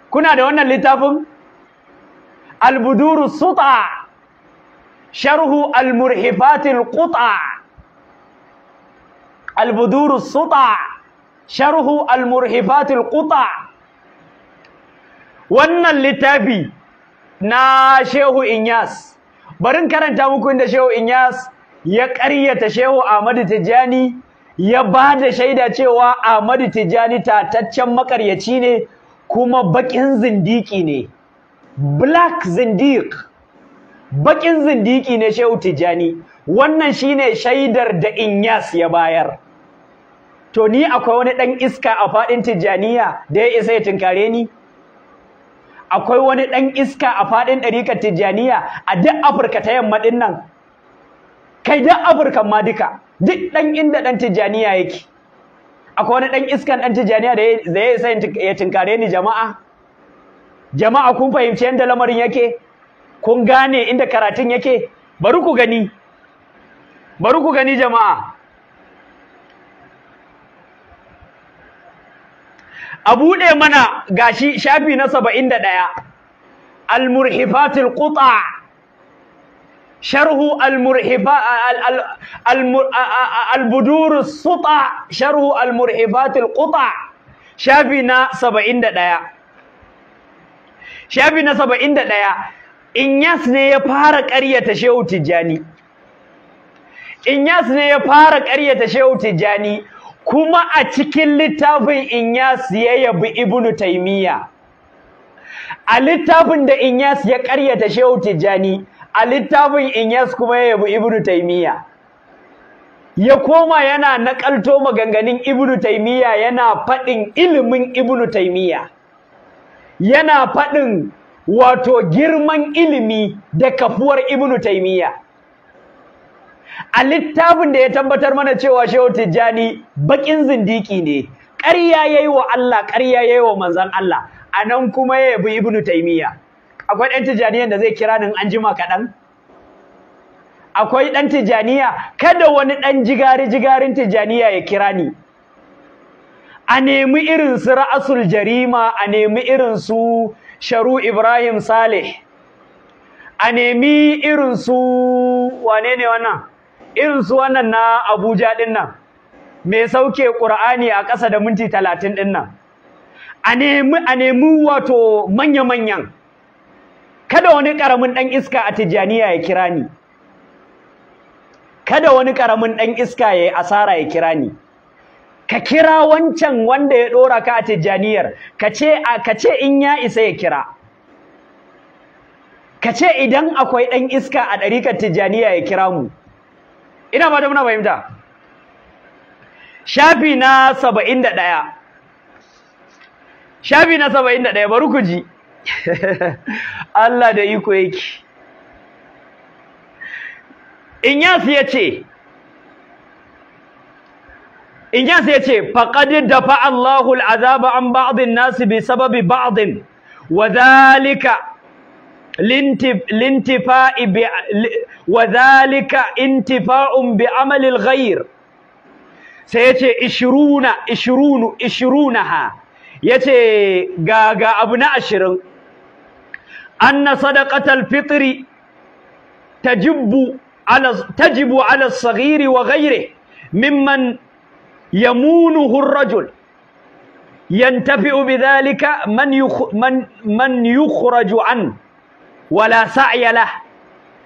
kuna da wannan littafin albuduru suta sharhu Al-Murhifatil quta albuduru suta sharhu Al-Murhifatil quta wannan littafi na shehu inyas barin karanta muku inda shehu inyas ya ƙaryata shehu ahmadu tijjani ya ba da shaida cewa Ahmadu Tijjani tataccen makaryaci ne kuma bakin zindiki ne black zindiq bakin zindiki ne Shehu Tijjani wannan shine shaidar da Inyas ya bayar to ni akwai wani ɗan iska a faɗin Tijjaniya da ya isa ya tinkare ni akwai wani ɗan iska a faɗin ɗarikar Tijjaniya a duk Afirka ta yamma din nan kai da afirkan ma duka duk dan inda dan tijaniya yake akwai wani dan iskan dan tijaniya da ya sai ya tinkare ni jama'a jama'a kun fahimci yanda lamarin yake kun gane inda karatun yake bari ku gani bari ku gani jama'a a buɗe mana gashi shafi na saba'in da ɗaya al-murhifatul qut'a sharhu al-murhiba al-budur suta sharhu al-murhibat shafi na 71 shafi na 71 inyas ne ya fara ƙaryata shehu tijjani kuma a cikin littafin inyas ya yabi ibnu taymiya a littafin da inyas ya ƙaryata shehu tijjani a littafin Inyas kuma ya yabi ibnu taimiya ya koma yana nakalto maganganun ibnu taimiya yana faɗin ilimin ibnu taimiya yana faɗin wato girman ilimi da kafuwar ibnu taimiya a littafin da ya tabbatar mana cewa Shehu Tijjani bakin zindiki ne ƙarya yayi wa Allah ƙarya yayi wa manzon Allah anan kuma ya yabi ibnu taimiya akwai ɗan tijaniyan da zai kira nin an jima kaɗan akwai ɗan tijaniya kada wani ɗan jigari jigarin tijaniya ya kira ni a nemi irin su ra'asul jarima a nemi irin su sharu ibrahim saleh a nemi irin su wane ne wannan irin su wannan na abuja ɗin nan mai sauke ƙur'ani a ƙasa da minti talatin ɗin nan a nemi wato manya-manyan kada wani karamin ɗan iska a tijaniya ya kira ni kada wani karamin ɗan iska ya asara ya kira ni ka kira wancan wanda ya ɗora ka a tijaniyar ka ce in ya isa ya kira ka ce idan akwai dan iska a ɗarikar tijaniya ya kira mu ina ba da muna fahimta shafi na 71 shafi na 71 bari ku ji (laughs) Allah da iko yake Inyas ya ce Inyas ya ce dafa an ba'adin nasu bi sababi ba'adin wa lintifa'i bi wa intifa'un bi amalil al-ghayr sai yace 20 20 yace ga ga abu na ashirin. أن صدقة الفطر تجب على تجب على الصغير وغيره ممن يمونه الرجل ينتفع بذلك من يخ من من يخرج عنه ولا سعي له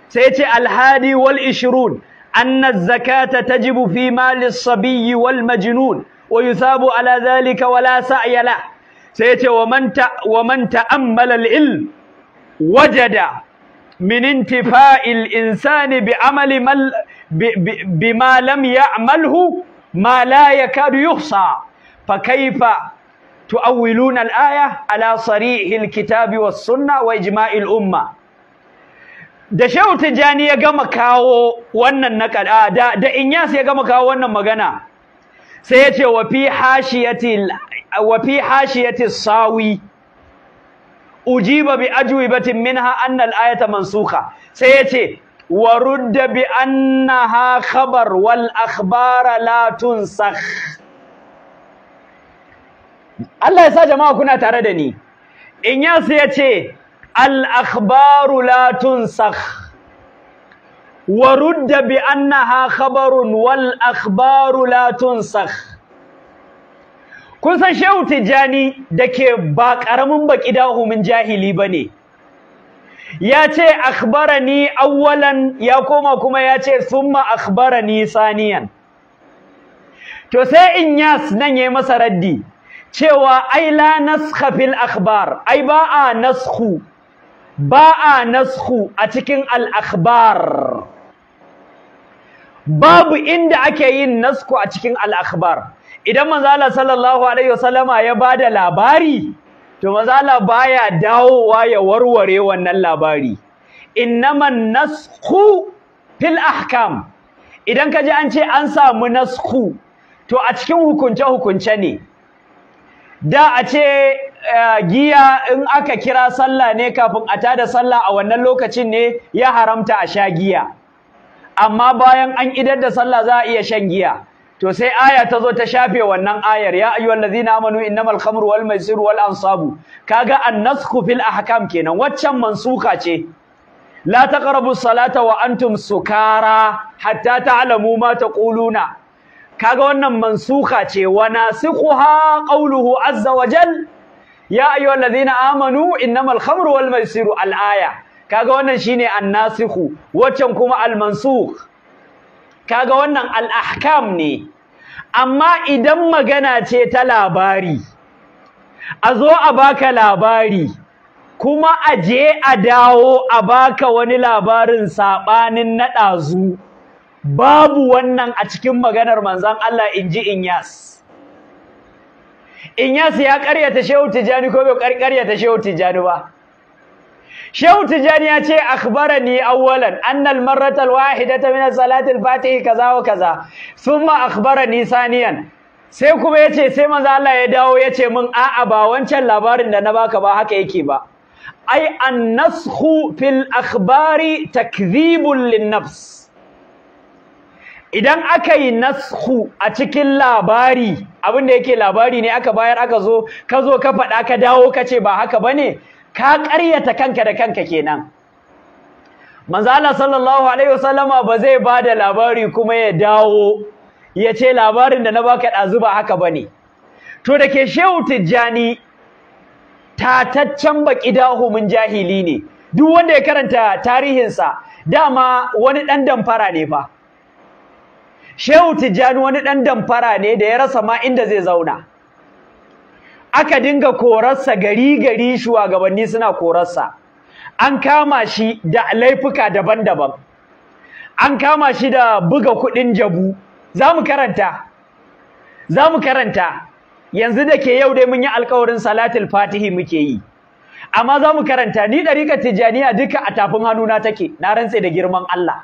سيأتي الهادي والعشرون أن الزكاة تجب في مال الصبي والمجنون ويثاب على ذلك ولا سعي له سيأتي ومن ومن تأمل العلم wajada min intifa'il insani bi amali mal bima lam ya'malhu ma la yakadu yuhsa fa kaifa tu'awwiluna al-aya ala sarihil kitabi was sunnah wa ijma'il umma da Shehu tijani ya gama kawo wannan nakal da da Inyas ya gama kawo wannan magana sai ya ce wa fi hashiyati wa fi hashiyati sawi ujiba bi ajwibatin minha anna al-ayata mansukha sai yace wa rudda bi annaha khabar wal akhbara la tunsakh Allah ya sa jama'a kuna tare da ni Inyas yace al akhbaru la tunsakh ورد بأنها خبر والأخبار لا تنسخ kun san shehu tijjani da ke ba ƙaramin baƙi dahumin jahili ba ne ya ce akhbarani awwalan ya koma kuma ya ce summa akhbarani saniyan to sai in yas nan yayi masa raddi cewa ai la naskha fil akhbar ai ba a nasku ba a a cikin al babu inda ake yin nasku a cikin al akhbar idan manzo Allah sallallahu alaihi wasallama ya bada labari to manzo Allah baya dawowa ya warware wannan labari innaman naskhu fil ahkam idan kaji an ce an samu naskhu to a cikin hukunce hukunce ne da a ce eh, giya in aka kira sallah ne kafin a tada sallah a wannan lokacin ne ya haramta a sha giya amma bayan an idar da sallah za a iya shan giya to sai aya ta zo ta shafe wannan ayar ya ayyuhal ladzina amanu innamal khamru wal maisiru wal ansabu kaga an fil ahkam kenan waccan mansuka ce la taqrabu salata wa antum sukara hatta ta'lamu ma taquluna kaga wannan mansuka ce wa nasikhuha qawluhu azza wa jal ya ayyuhal ladzina amanu innamal khamru wal maisiru al-aya kaga wannan shine an waccan kuma al-mansukh kaga wannan al'ahkam ne amma idan magana ce ta labari a zo a baka labari kuma a je a dawo a baka wani labarin saɓanin na ɗazu babu wannan a cikin maganar manzon Allah inji Inyas Inyas ya ƙaryata Shehu Tijani ko bai ƙaryata Shehu Tijani ba Shehu Tijjani ya ce ni awwalan anna al-marrata al-wahidata min fatihi kaza wa kaza thumma akhbarani saniyan sai kuma yace sai manzo Allah ya dawo yace min a'a ba wancan labarin da na baka ba haka yake ba ai an nasku fil akhbari takdhibun lin-nafs idan aka yi nasku a cikin labari abinda yake labari ne aka bayar aka zo ka zo ka faɗa ka dawo ka ce ba haka bane ka ƙaryata kanka da kanka kenan manzo Allah sallallahu alaihi wasallama ba zai bada labari kuma ya dawo ya ce labarin da na baka ɗazu ba haka bane to da ke shehu tijjani tataccen baki dahumin jahili ne duk wanda ya karanta tarihinsa dama wani ɗan damfara ne fa shehu tijjani wani ɗan damfara ne da ya rasa ma inda zai zauna aka dinga korarsa gari gari shugabanni suna korarsa an kama shi da laifuka daban-daban an kama shi da buga kudin jabu za mu karanta za mu karanta yanzu da ke yau dai mun yi alkawarin salatul fatihi muke yi amma za mu karanta ni ɗarikar tijjaniya duka a tafin hannuna take na rantse da girman Allah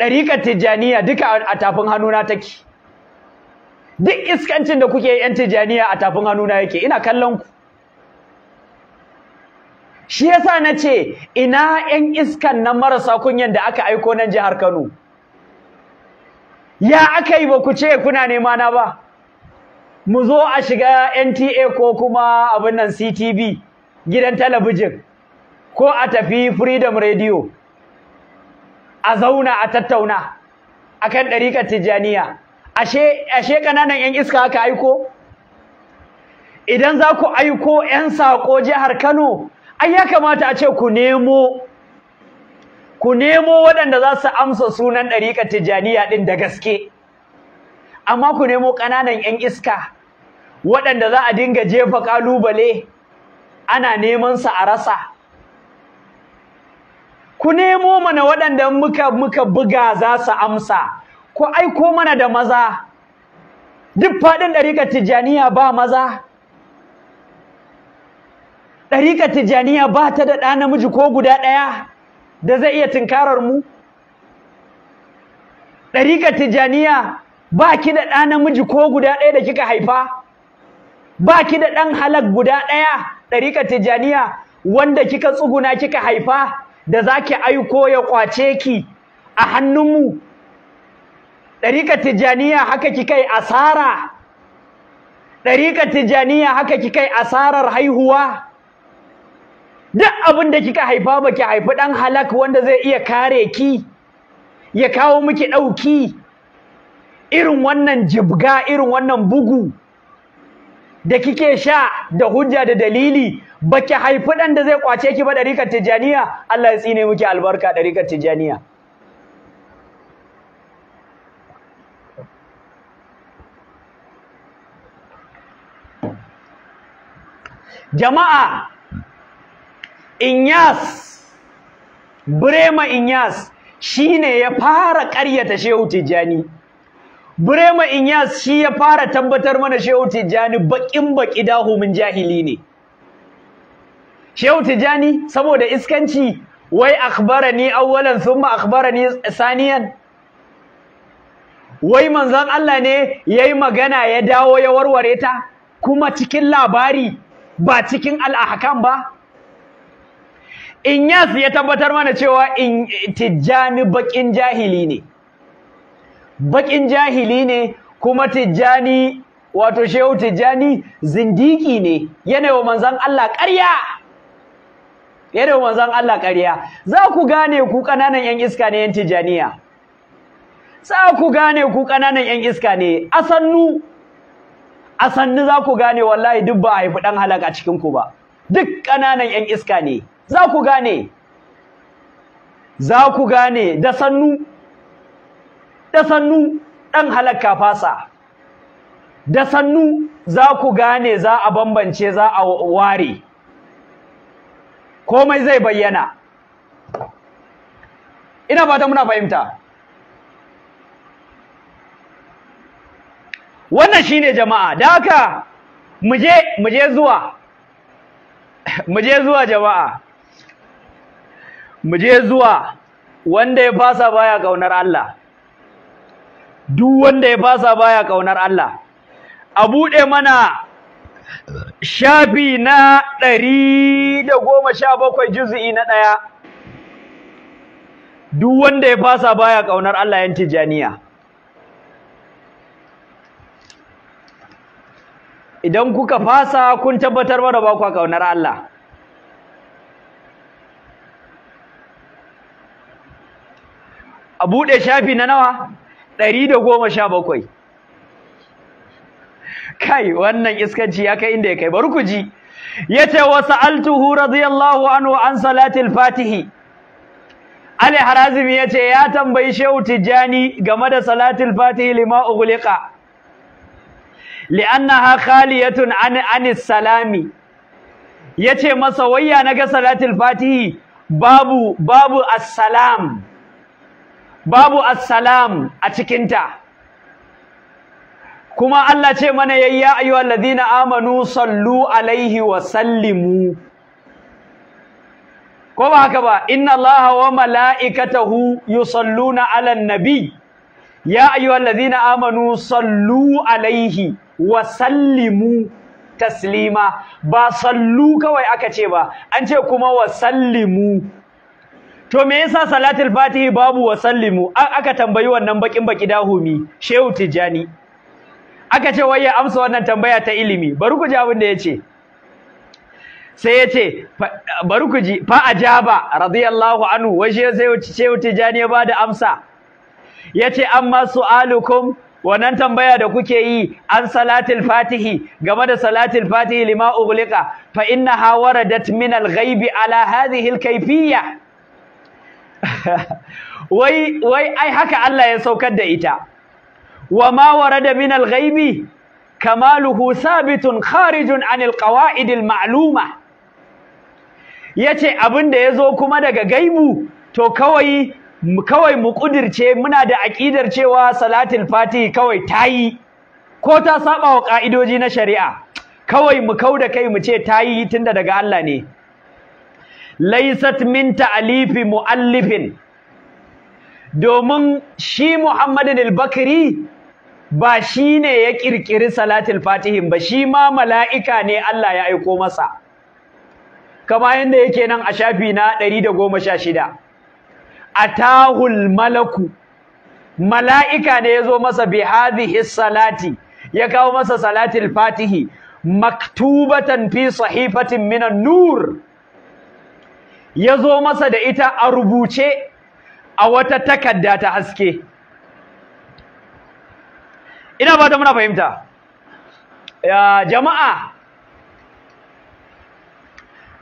Ɗarikar tijjaniya duka a tafin hannuna take duk iskancin da kuke yan tijaniya a tafin hannuna yake ina kallon ku shi yasa na ce ina yan iskan nan marasa kunyan da aka aiko nan jihar Kano ya aka yi ba ku ce kuna nema na ba mu zo a shiga NTA ko kuma abin nan CTV gidan talabijin ko a tafi Freedom Radio a zauna a tattauna akan ɗarikar Tijjaniya ashe ashe kananan yan iska aka aiko idan za ku aiko yan sako jihar Kano ai ya kamata a ce ku nemo ku nemo waɗanda za su amsa sunan ɗariƙar Tijaniya ɗin da gaske amma ku nemo ƙananan 'yan iska waɗanda za a dinga jefa ƙalubale ana neman sa a rasa ku nemo mana waɗanda muka muka buga za su amsa ku aiko mana da maza duk faɗin ɗariƙar tijjaniya ba maza ɗariƙar tijjaniya ba ta da ɗa namiji ko guda ɗaya da zai iya tunkarar mu ɗariƙar tijjaniya ba ki da ɗa namiji ko guda ɗaya da kika haifa ba ki da ɗan halak guda ɗaya ɗariƙar tijjaniya wanda kika tsuguna kika haifa da za ki aiko ya ƙwace ki a hannunmu ɗariƙar tijjaniya haka kikai asara ɗarika tijjaniya haka kikai asarar haihuwa duk abin da kika haifa ba ki haifi ɗan halak wanda zai iya kare ki ya kawo miki ɗauki irin wannan jibga irin wannan bugu da kike sha da hujja da dalili Ba ki haifi dan da zai kwace ki ba ɗarika tijjaniya Allah ya tsine miki albarka ɗarika tijjaniya jama'a inyas Burema Inyas shine ya fara ƙaryata Shehu Tijjani. Burema Inyas shi ya fara tabbatar mana Shehu Tijjani baƙin baƙi dahumin jahili ne. Shehu Tijjani saboda iskanci wai akhbarani awwalan thumma akhbarani saniyan. Wai manzon Allah ne yayi magana ya dawo ya warware ta kuma cikin labari ba cikin al'ahkam ba Inyas ya tabbatar mana cewa in tijjani bakin jahili ne bakin jahili ne kuma tijjani wato shehu tijjani zindiki ne yana wa manzon Allah ƙarya yana wa manzon Allah ƙarya za ku gane ku ƙananan yan iska ne yan tijjaniya za ku gane ku ƙananan yan iska ne asannu a sannu za ku gane wallahi duk ba a haifi ɗan halak a cikinku ba duk ƙananan 'yan iska ne za ku gane za ku gane da sannu da sannu ɗan halakka fasa da sannu za ku gane za a bambance za a ware komai zai bayyana ina fata muna fahimta wannan shine jama'a da haka muje muje zuwa muje zuwa jama'a muje zuwa wanda ya fasa baya ƙaunar Allah duk wanda ya fasa baya ƙaunar Allah a buɗe mana shafi na ɗari da goma sha bakwai juzi'i na ɗaya duk wanda ya fasa baya ƙaunar Allah yan tijaniya idan kuka fasa kun tabbatar da ba ku kaunar Allah a buɗe shafi na nawa ɗari goma sha bakwai kai wannan iskanci ya kai inda ya kai bari ku ji yace wa sa'altuhu radiyallahu anhu an salatil fatihi Ali Harazimi yace ya tambayi Shehu Tijjani game da salatul fatihi lima ughliqa li'annaha khaliyatun an anis salami yace masa wayya naga salatul fatihi babu babu assalam babu assalam a cikin ta kuma Allah ce mana yayya ayyuhal ladina amanu sallu alaihi wa sallimu ko ba haka ba inna allaha wa mala'ikatahu yusalluna 'alan nabi ya ayyuhal ladina amanu sallu alaihi wa sallimu taslima ba sallu kawai aka ce ba an ce kuma wa sallimu to me yasa salatul fatihi babu wa sallimu aka tambayi wannan bakin baki dahumi shehu tijani aka ce wai ya amsa wannan tambaya ta ilimi bari ku ji abin da yace sai yace bari ku ji fa ajaba radiyallahu anhu wai shehu tijani ya bada amsa yace amma su'alukum wannan tambaya da kuke yi an salatul fatihi game da salatul fatihi lima ughliqa fa ha waradat min al-ghaib ala hadhihi al-kayfiyya (laughs) wai wai ai haka Allah ya saukar da ita wa ma warada min al-ghaibi kamaluhu sabitun kharijun anil qawaid al-ma'luma yace abin da yazo kuma daga gaibu to kawai kawai mu kudirce muna da aƙidar cewa salatul fatihi kawai tayi ko ta saba wa ka'idoji na shari'a kawai mu kauda kai mu ce tayi tunda daga Allah ne laysat min ta'alifi muallifin domin shi Muhammadin al-Bakri ba shi ne ya kirkiri salatul fatihin ba shi ma mala'ika ne Allah ya aiko masa kama yanda yake nan a shafi na 116 atahul malaku mala'ika ne yazo masa bi hadhihi salati ya kawo masa salatil fatihi maktubatan fi sahifatin minan nur yazo masa da ita a rubuce a wata takarda ta haske ina ba da muna fahimta ya jama'a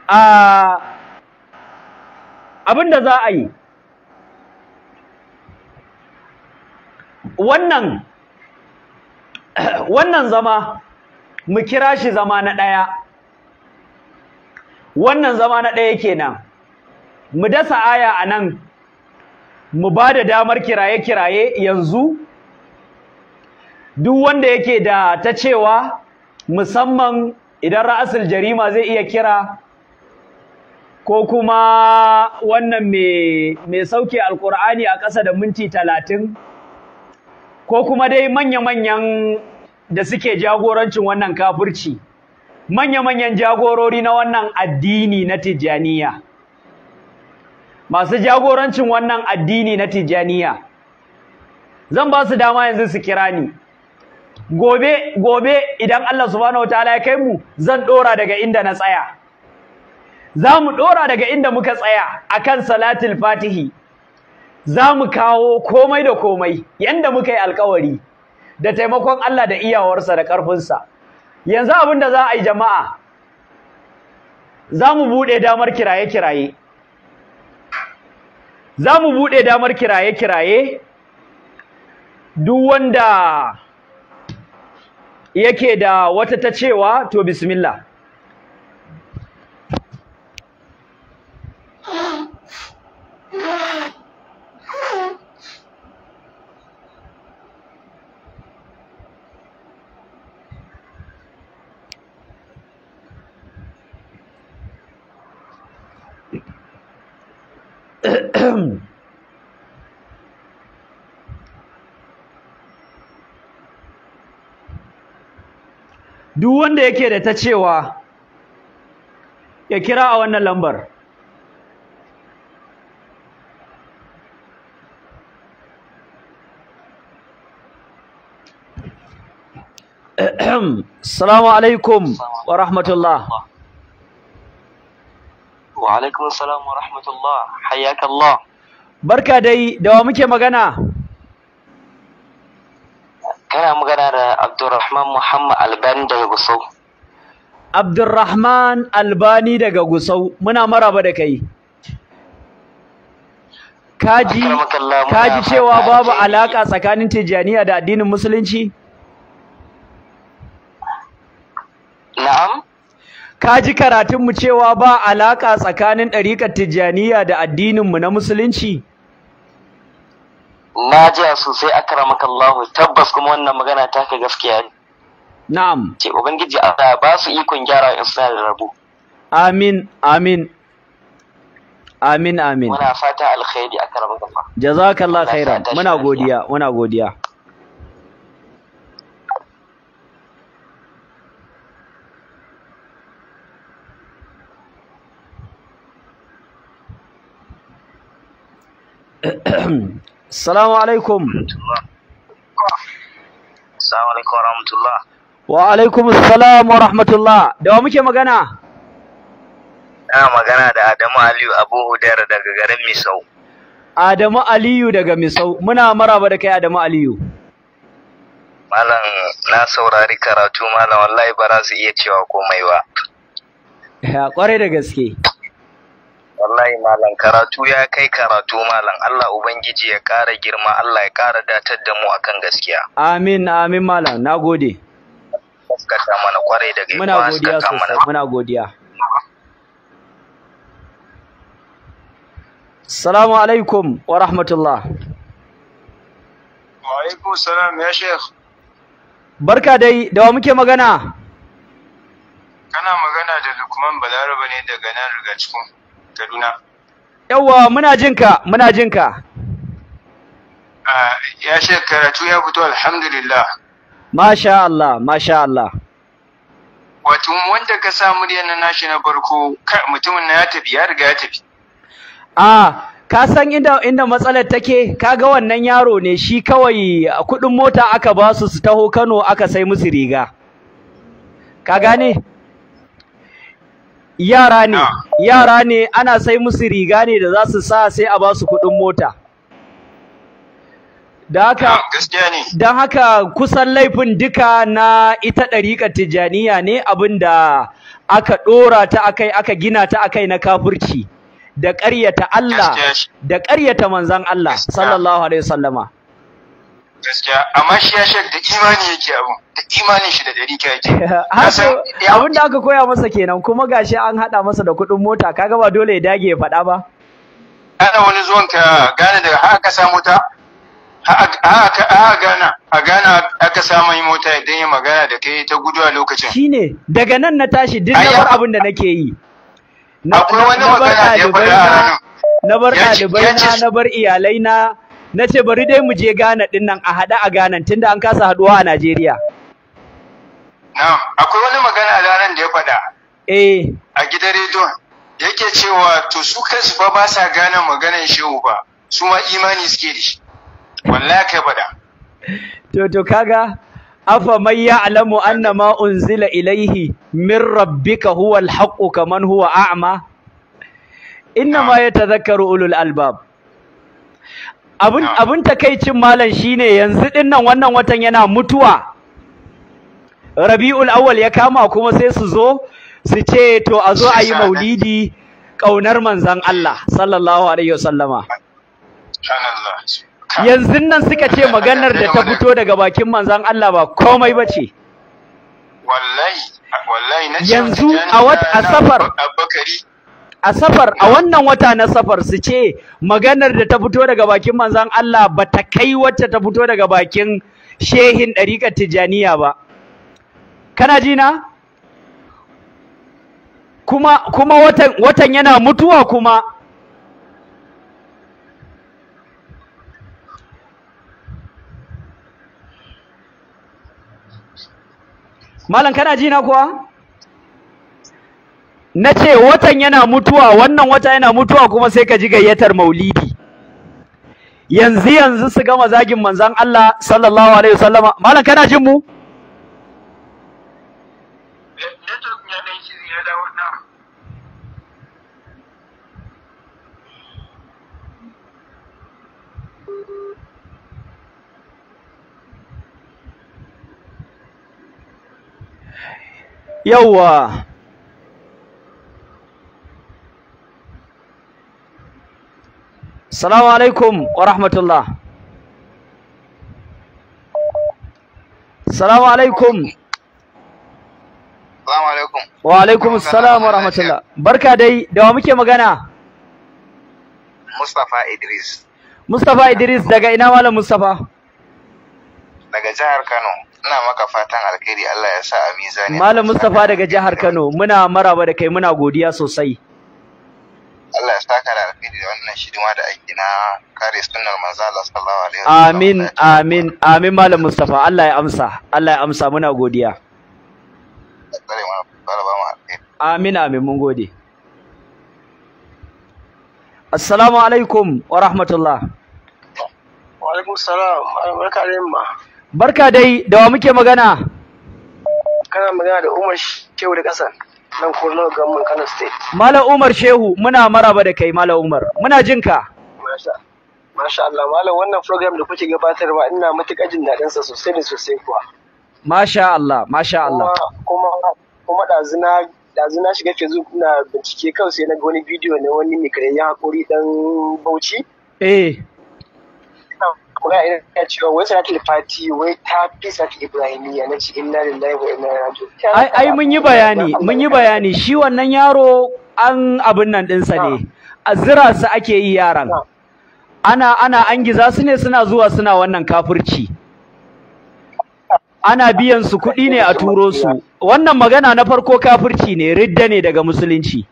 a abinda za a yi wannan wannan zama mu kira shi zama na ɗaya wannan zama na ɗaya kenan mu dasa aya a nan mu ba da damar kiraye-kiraye yanzu duk wanda yake da ta cewa musamman idan ra'asul jarima zai iya kira ko kuma wannan mai sauke alkur'ani a ƙasa da minti talatin ko kuma dai manya-manyan da suke jagorancin wannan kafirci manya-manyan jagorori na wannan addini na tijjaniya masu jagorancin wannan addini na tijjaniya zan ba su dama yanzu su kira ni gobe gobe idan Allah subhanahu Taala ya kai mu zan ɗora daga inda na tsaya za mu ɗora daga inda muka tsaya a kan salatul fatihi za mu kawo komai da komai yanda muka yi alkawari da taimakon Allah da iyawarsa da ƙarfinsa yanzu abin da za a yi jama'a za mu buɗe damar kiraye-kiraye za mu buɗe damar kiraye-kiraye duk wanda yake da wata ta cewa to bismillah (clears throat) duk wanda yake da ta cewa ya kira a wannan lambar (clears throat) Salamu alaikum wa rahmatullah Wa alaikun salam wa rahmatullah. Hayyaka Allah. Barka dai, da wa muke magana? Kana magana da Abdurrahman Muhammad Albani daga Gusau. abdurrahman Albani daga Gusau, muna maraba da kai. Kaji, kaji cewa babu alaka tsakanin Tijaniya da addinin Musulunci? Na'am. ka ji karatunmu cewa ba alaƙa tsakanin ɗariƙar tijjaniya da addininmu na musulunci? Na jiya sosai Allah tabbas kuma wannan magana ta ka gaskiya ne. Na'am. Ce Ubangiji Allah ba su ikon gyara in suna da rabu. Amin, amin. Amin, amin. Muna fata alkhairi a Allah. Jazakallah khairan. Muna godiya, muna godiya. (coughs) Assalamu alaikum. Assalamu alaikum warahmatullah. Wa alaikum assalam wa rahmatullah. Da wa muke magana? Ina magana da Adamu Aliyu Abu Hudayar daga garin Misau. Adamu Aliyu daga Misau. Muna maraba da kai Adamu Aliyu. Malam na saurari karatu malam wallahi ba za su iya cewa komai ba. Ya eh, kware da gaske. wallahi malam karatu ya kai karatu malam Allah ubangiji ya ƙara girma Allah ya ƙara datar da mu akan gaskiya amin amin malam nagode gaskata mana kwarai da gaskiya muna godiya sosai muna godiya Salamu alaikum wa rahmatullah Wa alaikum salam ya sheikh Barka dai da wa muke magana kana magana da Lukman Balarabe ne daga nan riga cikin? Kaduna. Yawwa muna jinka, muna jinka. Ah, ya ce karatu ya fito alhamdulillah. Masha Allah, masha Allah. Wato wanda ka sa murya na nashi na farko, mutumin na ya tafi, ya riga ya tafi. A, ka san inda inda matsalar take, ga wannan yaro ne shi kawai kudin mota aka ba su su taho Kano aka sai musu riga. Ka gane? yara ne ah. yara ne ana sai musu riga ne da za su sa sai a ba su kuɗin mota dan haka ah, don haka kusan laifin duka na ita ɗariƙar tijjaniya ne abin da aka ɗora ta akai aka gina ta akai na kafurci da ƙaryata Allah da ƙaryata manzon Allah sallallahu alaihi wasallama gaskiya amma shi ya shek da imani yake abun da imanin shi da dari ka yake (laughs) abin da aka koya masa kenan kuma gashi an hada masa da kuɗin mota kaga ba dole ya dage ya faɗa ba ana wani zuwan ka gane daga har aka samu ta a gana a gana aka samu yi mota idan ya magana da kai ta gudu a lokacin shine daga nan na tashi duk na bar abin da nake yi akwai wani magana da ya faɗa a ranar na bar ɗalibai na na bar iyalai na na ce bari dai mu je Ghana din nan a haɗa a Ghana tunda an kasa haɗuwa a Najeriya. Na'am, ah, akwai wani magana ranar da ya faɗa. Eh. A gidan rediyon yake cewa to su kansu ba ba sa gane maganar shehu ba, su ma imani suke da shi. Wallahi kai faɗa. To to kaga afa ya Alamu, anna ma unzila Ilaihi min rabbika huwa alhaqqu kaman huwa a'ma. Innama yatadhakkaru ulul albab. abin takaicin malam shine yanzu ɗinnan wannan watan yana mutuwa Rabiul Awwal ya kama kuma sai su zo su ce to a zo a yi maulidi ƙaunar manzon Allah sallallahu alaihi wasallama yanzu nan suka ce maganar da ta fito daga bakin manzon Allah ba komai bace wallahi wallahi yanzu a watan Asafar. a safar a wannan wata na safar su ce maganar da ta fito daga bakin manzan Allah ba ta kai wacce ta fito daga bakin shehin ɗariƙar tijaniya ba kana ji na kuma kuma watan watan yana mutuwa kuma malam kana ji na kuwa na ce watan yana mutuwa wannan wata yana mutuwa kuma sai ka ji gayyatar maulidi yanzu yanzu su gama zagin manzan Allah sallallahu alaihi wasallama malam kana jin mu yawwa Salamu alaikum wa rahmatullah. Salamu alaikum. Assalamu alaikum. Wa alaikum salam wa rahmatullah. Barka dai, da wa muke magana? Mustapha Idris. Mustapha Idris daga ina malam Mustapha? Daga jihar Kano. Ina maka fatan alkhairi Allah ya sa a mizani. Malam Mustapha daga jihar Kano, muna maraba da kai muna godiya sosai. Allah ya saka da alfidi da wannan shidima da ake na kare sunnar manzo Allah sallallahu alaihi wasallam amin amin amin malam Mustafa Allah ya amsa Allah ya amsa muna godiya amin amin mun gode assalamu alaikum wa rahmatullah wa alaikum salam barka da yamma barka dai da wa muke magana kana magana da Umar Shehu da Kasan nan kurnar gamman Kano State. Malam Umar Shehu muna maraba da kai Malam Umar. Muna jin ka. Masha Allah mala wannan program da kuke gabatarwa ina matuƙar jin daɗin sa sosai da sosai kuwa. Masha Allah, Masha Allah. Kuma kuma ɗazuna ɗazuna shiga Facebook ina bincike kan sai na ga wani bidiyo ne wani mai ya haƙuri ɗan Bauchi. Eh. Kuma irin ya cewa wai salatul fati wai ta fi salatul ibrahimiyya na ce inna lillahi wa inna ilaihi ai ai mun yi bayani mun yi bayani shi wannan yaro an abin nan sa ne a zira su ake yi yaran ana ana an giza su ne suna zuwa suna wannan kafirci ana biyan su kuɗi ne a turo su wannan magana na farko kafirci ne ridda ne daga musulunci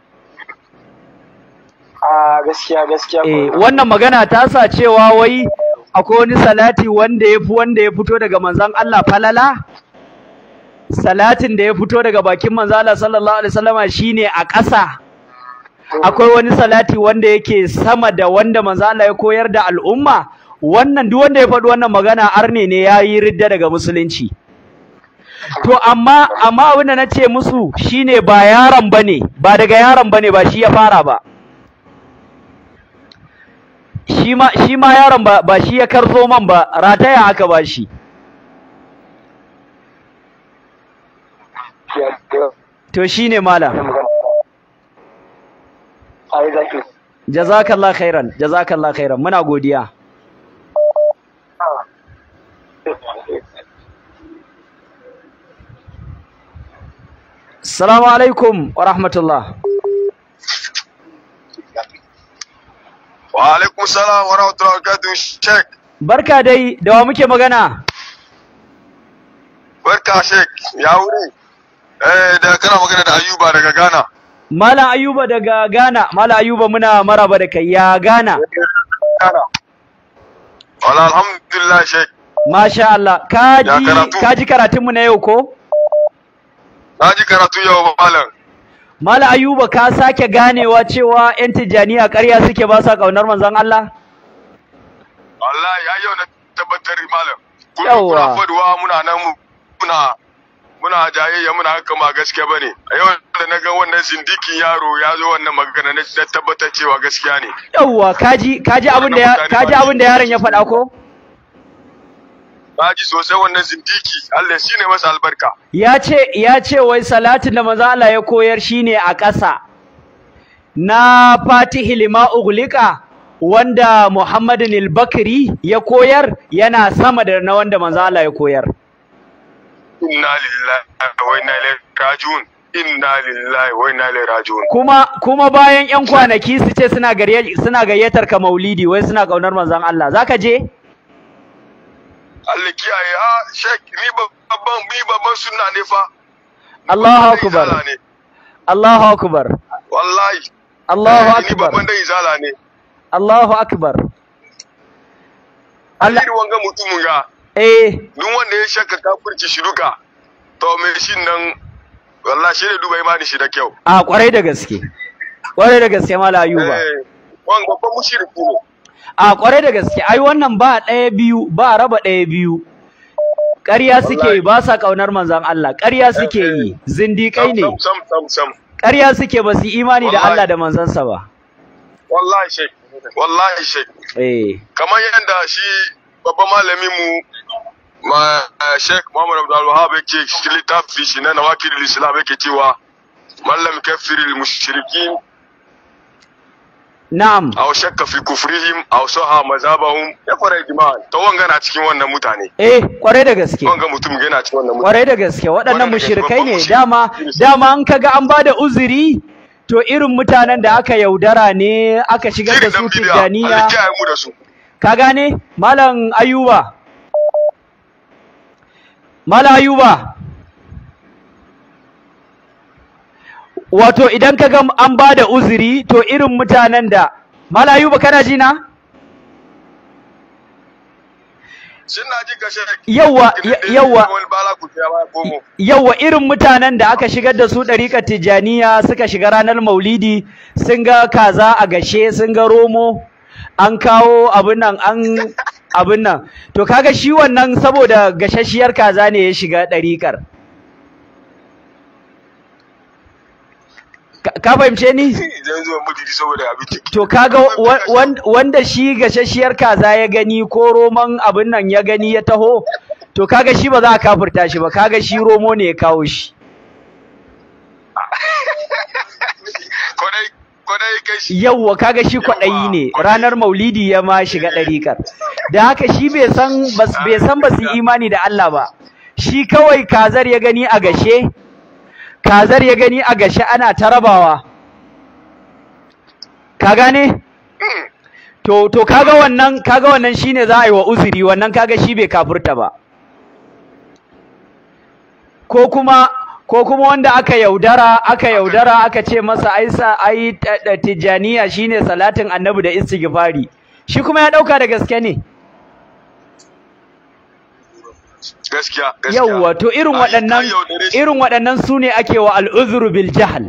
gaskiya gaskiya eh, wannan magana ta sa cewa wai akwai wani salati wanda ya fi wanda ya fito daga manzan Allah falala salatin da ya fito daga bakin manzan Allah sallallahu alaihi wasallama shine a ƙasa akwai wani salati wanda yake sama da wanda manzan Allah ya koyar da al'umma wannan duk wanda ya faɗi wannan magana arne ne ya yi ridda daga musulunci to amma amma abin da na ce musu shine ba yaron ba ne, ba daga yaron ba ne, ba shi ya fara ba shi ma shi ma yaron ba ba shi ya karzo man ba rataya aka ba shi to shine malam jazakallah khairan jazakallah khairan muna godiya Assalamu alaikum wa rahmatullah Wa alaikum salam wa rahmatullahi wa barakatuhu Sheikh. Barka dai, da wa muke magana? Barka Sheikh, ya wuri. Eh da kana magana da Ayuba daga Ghana. Malam Ayuba daga Ghana, Malam Ayuba muna maraba da kai ya Ghana. Eh, Wala alhamdulillah Sheikh. Masha Allah, kaji kaji karatunmu na yau ko? Kaji karatu yau malam. mala ayuba ka sake ganewa cewa yan a ƙarya suke ba sa ƙaunar manzon Allah Allah ya yau na tabbatar malam yawa fadwa muna nan muna muna jayayya muna haka ma gaskiya bane a yau da na ga wannan sindikin yaro ya zo wannan magana na tabbatar cewa gaskiya ne Yawwa kaji kaji abin da kaji abin da yaron ya faɗa ko baji sosai wannan zindiki Allah shi ne masa albarka. Ya ce ya ce wai Salatu da maza Allah ya koyar shi ne a ƙasa na lima Ma'ughliqa wanda Muhammadin al-Bakri ya koyar yana sama da na wanda maza Allah ya koyar. Inna lillahi wa inna ilaihi raji'un. Inna lillahi wa inna ilaihi raji'un. Kuma kuma bayan 'yan kwanaki su ce suna gayyatar ka Maulidi wai suna kaunar manzon Allah. Zaka je? Allah kiyaye ha ah, shek ni babban ni babban sunna ne fa Allahu akbar Allahu akbar wallahi Allahu eh, akbar ni babban dai izala ne Allahu akbar Allah irin wanga mutumin ga eh duk wanda ya shakka kafirci shi duka to me shin nan wallahi shi ne duba imani shi da kyau a ah, kwarai da gaske kwarai da gaske mala ayuba eh, wanga ba mushriki ne a kwarai da gaske ai wannan ba ɗaya biyu ba raba ɗaya biyu ƙarya suke yi ba sa ƙaunar manzon Allah ƙarya suke yi zindiƙai ne ƙarya suke ba su imani da Allah da manzansa ba wallahi shek wallahi shek eh kamar yadda shi babban malamin mu ma eh, Sheikh Muhammad Abdul Wahhab yake littafi shi na Nawakidul Islam yake cewa mallam kafiril mushrikin na'am aw shakka fi kufrihim aw saha mazabahum ya kware ijma to wanga na cikin wannan mutane eh kware da gaske wanga mutum yana cikin wannan mutane kware da gaske waɗannan mushrikai ne dama dama an kaga an bada uzuri to irin mutanen da aka yaudara ne aka shigar da su tijaniya ka gane malam ayuba malam ayuba wato idan ka ga an ba da uzuri to irin mutanen da malayu ba kana ji na irin mutanen da aka shigar da su ɗarikar tijaniya suka shiga ranar maulidi sun ga kaza a gashe sun ga romo an kawo abin nan an (laughs) abin to kaga shi wannan saboda gashashiyar kaza ne ya shiga ɗarikar? ka fahimce ni (laughs) to kaga wanda shi gashashiyar kaza ya gani ko roman abin nan ya gani ya taho to kaga shi ba za a kafurta shi ba kaga shi romo ne ya kawo shi (laughs) yauwa kaga shi kwaɗayi ne ranar maulidi ya ma shiga eh. ɗarikar da haka shi bai san ba su imani da Allah ba shi kawai kazar ya gani a gashe kazar ya gani a gashi ana ta rabawa ka gane to to kaga wannan kaga wannan shine za a yi wa uzuri wannan kaga shi bai kafurta ba ko kuma ko kuma wanda aka yaudara aka yaudara aka ce masa ai sa ai tijaniya shine salatin annabi da istighfari shi kuma ya dauka da gaske ne gaskiya yawwa to irin waɗannan irin waɗannan su ne ake wa al'uzru bil jahl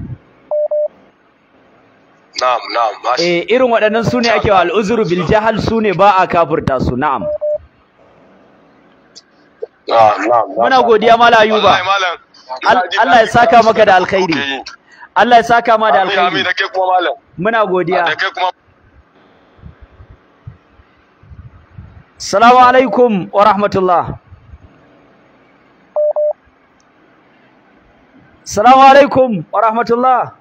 na'am na'am eh irin waɗannan su ne ake wa al'uzru bil jahl su ne ba a kafurta su na'am muna godiya mala ayuba Allah ya saka maka da alkhairi Allah ya saka ma da alkhairi muna godiya Salamu alaikum wa rahmatullah Assalamu alaikum wa rahmatullah.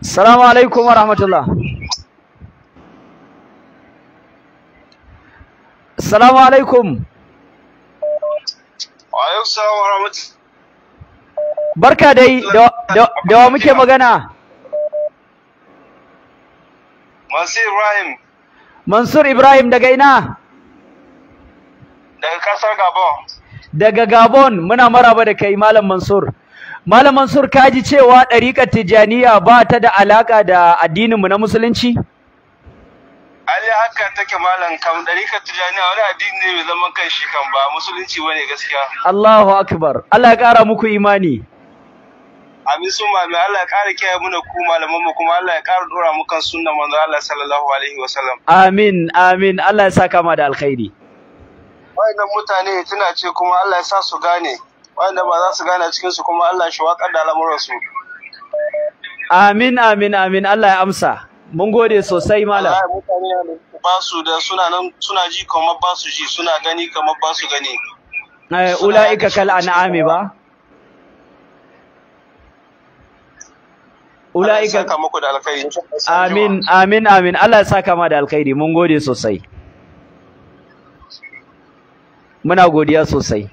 Assalamu alaikum wa rahmatullah. Assalamu alaikum. Barka dai da wa muke magana. Mansur Ibrahim. da Gaina. Daga kasar Gabon. Daga Gabon muna maraba da kai Malam Mansur. Malam Mansur ka ji cewa ɗariƙar Tijjaniya ba ta da alaƙa da addininmu na Musulunci? Ali haka take malam kam ɗariƙar Tijjaniya wani addini ne mai zaman shi kan ba Musulunci bane gaskiya. Allahu Akbar. Allah ya ƙara muku imani. Amin sun mai Allah ya ƙara kiyaye muna ku malaman mu kuma Allah ya ƙara dora mu kan sunnan manzo Allah sallallahu alaihi wasallam. Amin amin Allah ya saka ma da alkhairi. Wa'inda mutane tana ce kuma Allah ya sa su gane wa'inda ba za su gane cikin su kuma Allah shi waƙar da al'amuransu. amin amin amin Allah ya amsa mun gode sosai malam ba su da suna nan suna ji kamar ba su ji suna gani kamar ba su gani eh ulaika kal an'ami ba ulaika amin amin amin Allah ya sa kama da alkhairi mun gode sosai muna godiya sosai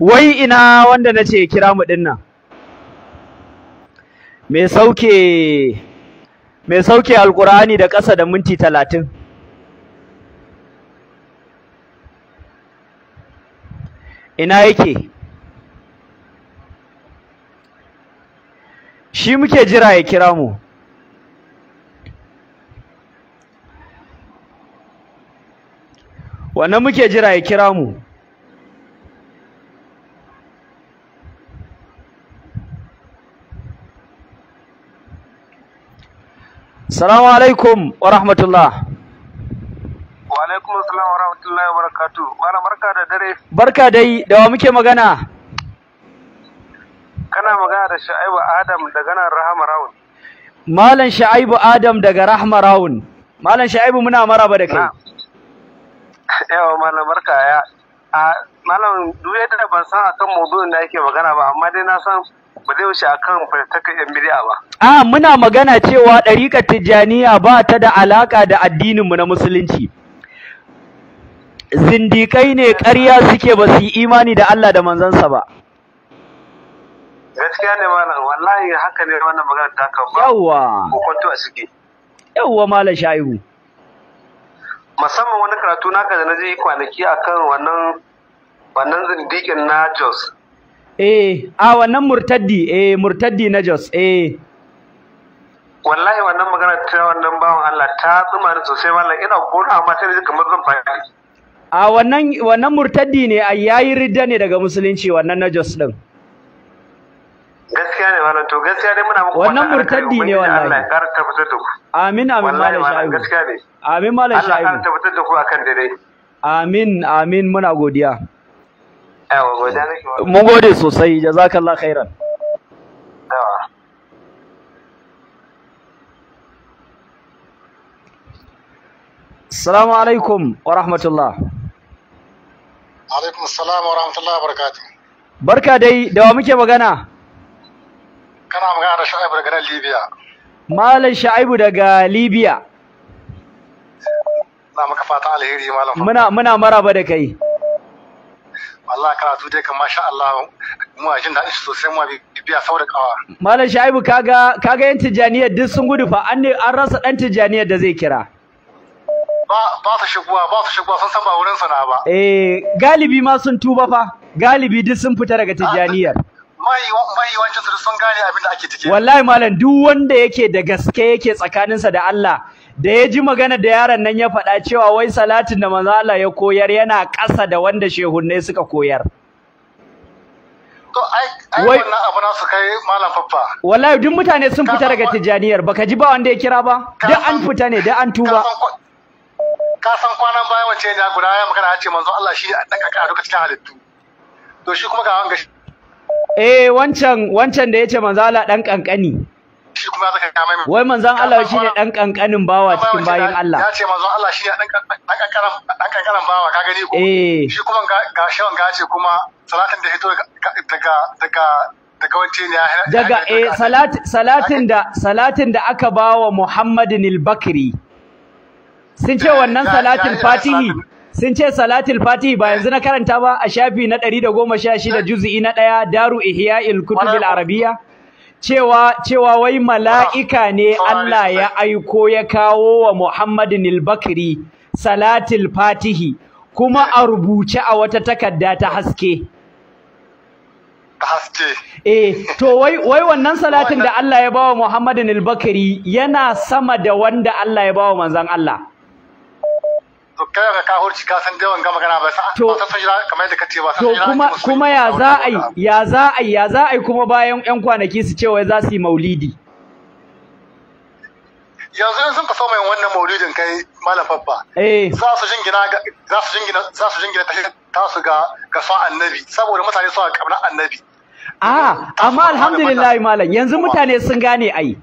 wai ina wanda na ce kira mu ɗin nan mai sauke mai sauke alƙur'ani da ƙasa da minti talatin ina yake shi muke jira ya kira mu wannan muke jira ya kira mu salamu alaikum wa rahmatullah alaikum assalam wa rahmatullahi wa barakatuh. Bana barka da dare. Barka dai, da wa muke magana? Kana magana da Sha'ibu Adam daga nan Rahama Rawun. Malam Sha'ibu Adam daga Rahama Rawun. Malam Sha'ibu muna maraba da kai. (laughs) Yawa malam barka ya. Malam duk yadda ban san akan maudu'in da yake magana ba, amma dai na san ba zai wuce akan fitakan yan bid'a ba. A muna magana cewa ɗariƙar Tijjaniya ba ta da alaƙa da addininmu na Musulunci. zindikai ne ƙarya suke ba su yi imani da Allah da manzansa ba gaskiya ne malam wallahi haka ne wannan magana ta kan ba yawa kokonto a suke yawa malam shaihu musamman wani karatu naka da na je kwanaki akan wannan wannan zindikin na Jos eh a wannan murtaddi eh murtaddi na Jos eh wallahi wannan magana ta wannan bawan Allah ta tsuma ni sosai wallahi ina gona amma sai kamar zan faɗi a wannan wannan murtaddi ne a yayi ridda ne daga musulunci wannan najos din gaskiya ne wannan to gaskiya ne muna muku wannan murtaddi ne wallahi Allah ya kar tabbatar da ku amin amin malam shaibu gaskiya ne amin malam shaibu Allah ya tabbatar da ku akan dai amin amin muna godiya yawa godiya nake mun gode sosai jazakallahu khairan yawa Assalamu alaikum wa rahmatullah. Alaikum salam wa rahmatullahi wa barakatuhu Barka dai, da wa muke magana? Kana magana da Sha'ibu daga nan Libya. Malam Sha'ibu daga Libya. Na maka fata alheri malam. Muna muna maraba da kai. Allah karatu dai ka masha Allah mu a jin daɗin sosai mu bibiya sau da kawa. Malam Sha'ibu kaga kaga yan Tijaniyar duk sun gudu fa an ne an rasa dan Tijaniyar da zai kira. ba su shigowa ba su shigowa sun san ba wurin na ba eh galibi ma sun tuba fa galibi duk sun fita daga tijaniyar wanda su sun gane abin da ake tike wallahi malam duk wanda yake da gaske yake tsakaninsa da Allah da ya ji magana da yaron nan ya faɗa cewa wai salatin da manzo Allah ya koyar yana ƙasa da wanda shehunne suka koyar to ai wannan abu na su kai malam faffa wallahi duk mutane sun fita daga tijaniyar baka ji ba wanda ya kira ba duk an fita ne duk an tuba ka san kwanan bayan wace ne guda ya magana ya ce manzo Allah shi ne a daka a duka cikin halittu to shi kuma ga wanga eh wancan wancan da yace manzo Allah dan kankani shi kuma zaka ga mai wai manzo Allah shi ne dan kankanin bawa cikin bayin Allah ya ce manzo Allah shi ne dan kankanin dan kankanin bawa ka gani ko eh. shi kuma ga shawan ga ce kuma salatin da hito daga daga daga wance ya daga eh salatin da salatin da aka bawa Muhammadin al-Bakri sun ce wannan salatul fatihi sun ce salatul fatihi ba yanzu na karanta ba a shafi na 116 juz'i na ɗaya daru ihya'il kutubil arabiya cewa cewa wai mala'ika ne Allah ya aiko ya kawo wa Muhammadin al-Bakri salatul fatihi kuma a rubuce a wata takarda ta haske haske eh to wai wai wannan salatin da Allah ya bawa Muhammadin al-Bakri yana sama da wanda Allah ya bawa manzon Allah to kai ka ka hurci ka san dai wanga magana ba sa to san jira kamar yadda kace ba san jira kuma kuma ya za a yi ya za a yi ya za a yi kuma bayan yan kwanaki su ce wai za su yi maulidi yanzu sun kaso mai wannan maulidin kai malam babba eh. za su jingina za su jingina za su jingina ta su ga ga son annabi saboda mutane suna kaunar annabi a ah, amma alhamdulillah malam yanzu mutane sun gane ai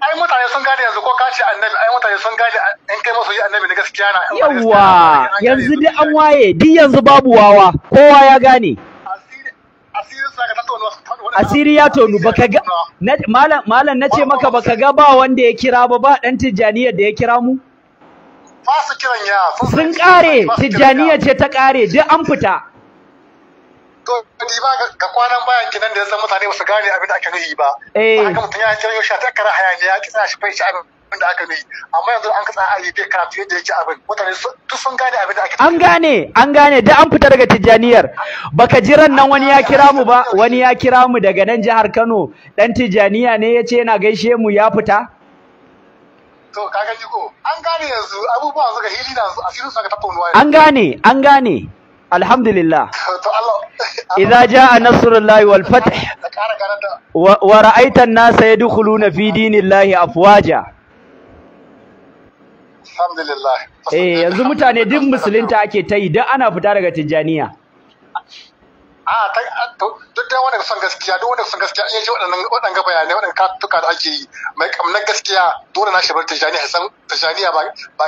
ai mutane sun gane yanzu ko kace annabi ai mutane sun gane in kai masoyi annabi na gaskiya na yawa yanzu dai an waye duk yanzu babu wawa kowa ya gane asiri ya tonu baka ga malam malam nace maka baka ga ba wanda ya kira ba ba dan tijjaniyar da ya kira mu sun kare tijaniyar ce ta kare duk an fita to kinan da mutane su gane abin an gane an gane da an fita daga tijaniyar baka jiran ran nan wani ya kira mu ba wani ya kira mu daga nan jihar Kano dan tijaniya ne yace yana gaishe mu ya fita to ko an gane an gane alhamdulillah idza jaa nasrullahi wal fath wa ra'aita na nasa yadkhuluna fi dinillahi afwaja alhamdulillah eh yanzu mutane duk musulinta ake ta yi duk ana fita daga tijaniya a duk da son gaskiya duk son gaskiya waɗannan waɗannan da ake yi mai kamnan gaskiya dole na shabar san ba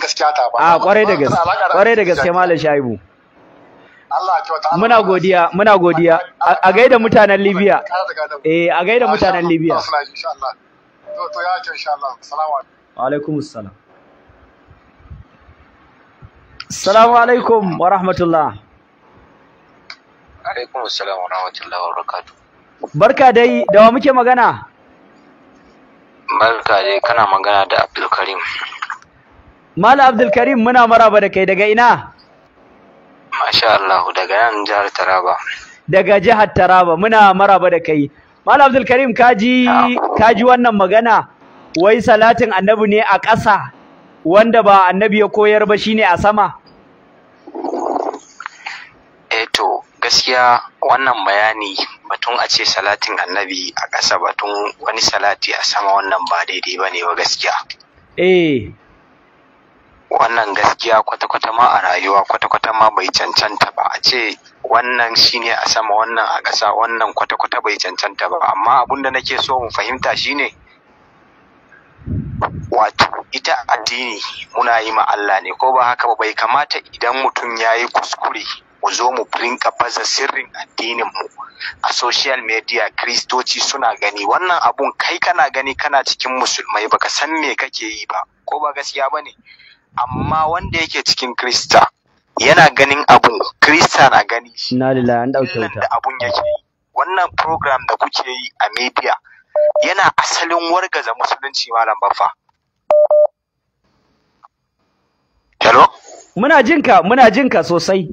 gaskiya ta ba a kwarai da gaske kwarai da shaibu muna godiya muna godiya a gaida mutanen Libya eh a gaida mutanen Libya wa alaikum salam salamu alaikum wa rahmatullah alaikum salam wa rahmatullah wa barakatuh barka dai da wa muke magana barka dai kana magana da Abdulkarim. Mala abdulkarim muna maraba da kai daga ina Masha Allah daga yan jihar Taraba. Daga jihar Taraba muna maraba da kai. Malam Abdul Karim kaji kaji wannan magana wai salatin annabi ne a ƙasa wanda ba annabi ya koyar ba shine a sama. Eto eh gaskiya wannan bayani batun a ce salatin annabi a ƙasa batun wani salati a sama wannan ba daidai ba ne ba gaskiya. Eh. wannan gaskiya kwata-kwata ma a rayuwa kwata-kwata ma bai cancanta ba a ce wannan shine a sama wannan a ƙasa wannan kwata-kwata bai cancanta ba amma abin da nake so mu fahimta shine wato ita addini muna yi ma Allah ne ko ba haka ba bai kamata idan mutum ya yi kuskure mu zo mu rinka baza sirrin addinin mu a social media kristoci suna gani wannan abun kai kana gani kana cikin musulmai baka san me kake yi ba ko ba gaskiya bane ne amma wanda yake cikin krista yana ganin abun krista na gani shi na lila an dauke wuta da abun yake yi wannan program da kuke yi a media yana asalin wargaza musulunci malam bafa hello muna jinka muna jinka sosai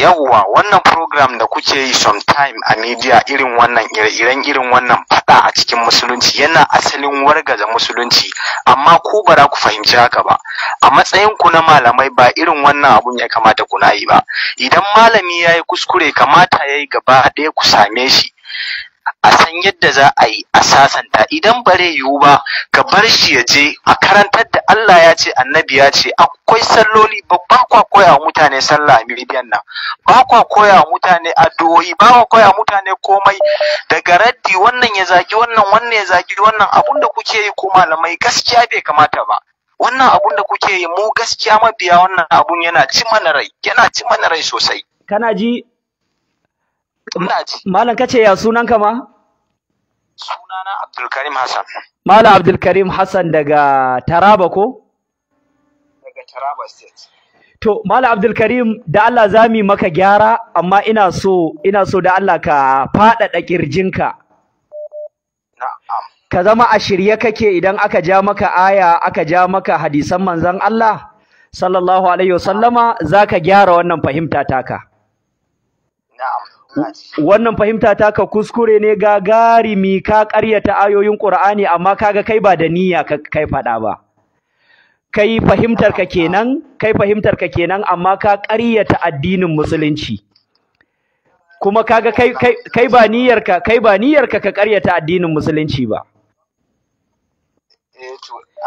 yawwa wannan program da kuke yi sometime a media irin wannan ire-iren irin wannan fada a cikin musulunci yana asalin wargaza musulunci amma ku ba za ku fahimci haka ba a matsayin ku na malamai ba irin wannan abun ya kamata kuna yi ba idan malami ya yi kuskure kamata ya yi gaba ɗaya ku same shi a san yadda za a yi a sasanta idan bare yiwu ba ka bar shi ya je a karantar da Allah ya ce annabi ya ce akwai salloli ba kwa koya wa mutane sallah a miliyan nan ba kwa koya wa mutane addu'o'i ba kwa koya wa mutane komai daga raddi wannan ya zagi wannan wannan ya zagi wannan abun da kuke yi ko malamai gaskiya bai kamata ba wannan abun da kuke yi mu gaskiya mabiya wannan abun yana ci mana rai yana ci mana rai sosai kana ji Malam kace ya sunan ka ma? Sunana Abdulkarim Hassan. Malam Abdulkarim Hassan daga Taraba ko? Daga Taraba State. To Malam Abdulkarim da Allah zami maka gyara amma ina so ina so da Allah ka faɗaɗa kirjinka. Na'am. Ka zama a shirye kake idan aka ja maka aya aka ja maka hadisan manzon Allah sallallahu alaihi wasallama zaka gyara wannan fahimta taka. wannan fahimta ka kuskure ne ga gagarimi ka ƙaryata ayoyin ƙur'ani, amma kaga kai ba da niyya ka kai faɗa ba kai fahimtar ka kenan kai fahimtar ka kenan amma ka ƙaryata addinin musulunci kuma kaga kai kai ba niyyar ka kai ba niyyar ka ka ƙaryata addinin musulunci ba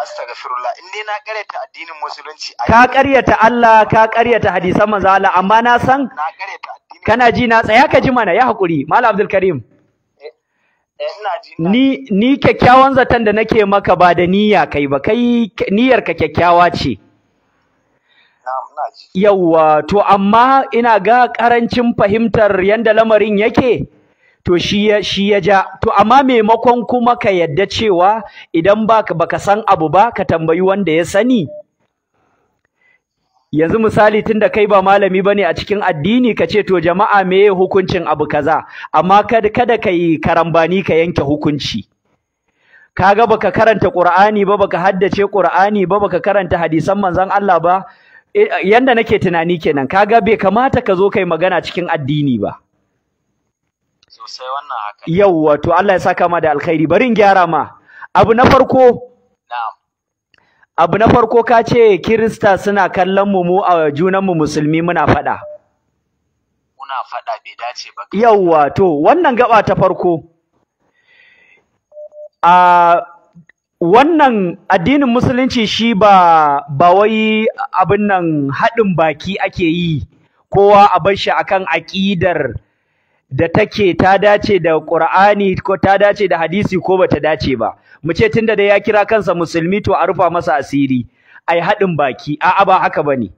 astaghfirullah na karyata addinin musulunci ka karyata Allah ka karyata hadisan manzo Allah amma na san na karyata addinin kana ji na tsaya ka ji mana ya hakuri malam Abdul Karim eh, eh, ni ni kyakkyawan zaton da nake maka ba da niyya kai ba kai niyyar ka kyakkyawa ce yawwa to amma ina ga karancin fahimtar yanda lamarin yake to shi ya shi ya ja to amma maimakon kuma ka yadda cewa idan baka baka san abu ba ka tambayi wanda ya sani yanzu misali tunda kai ba malami bane a cikin addini ka ce to jama'a ya hukuncin abu kaza amma kada kada kai karambani ka yanke hukunci kaga baka karanta Qur'ani ba baka haddace Qur'ani ba baka karanta hadisan manzon Allah ba eh, yanda nake tunani kenan kaga bai kamata ka zo kai magana cikin addini ba sosai wannan haka yawwa to Allah ya saka ma da alkhairi barin gyara ma abu na farko na'am abu na farko ka ce kirista suna kallon mu mu a junan mu musulmi muna faɗa muna faɗa bai dace ba yawwa to wannan gaba ta farko a wannan addinin musulunci shi ba ba wai abin nan haɗin baki ake yi kowa a bar shi akan aƙidar da take ta dace da Qur'ani ko ta dace da hadisi ko bata dace ba mu ce tunda da ya kira kansa musulmi to a rufa masa asiri ai hadin baki a'a ba haka bane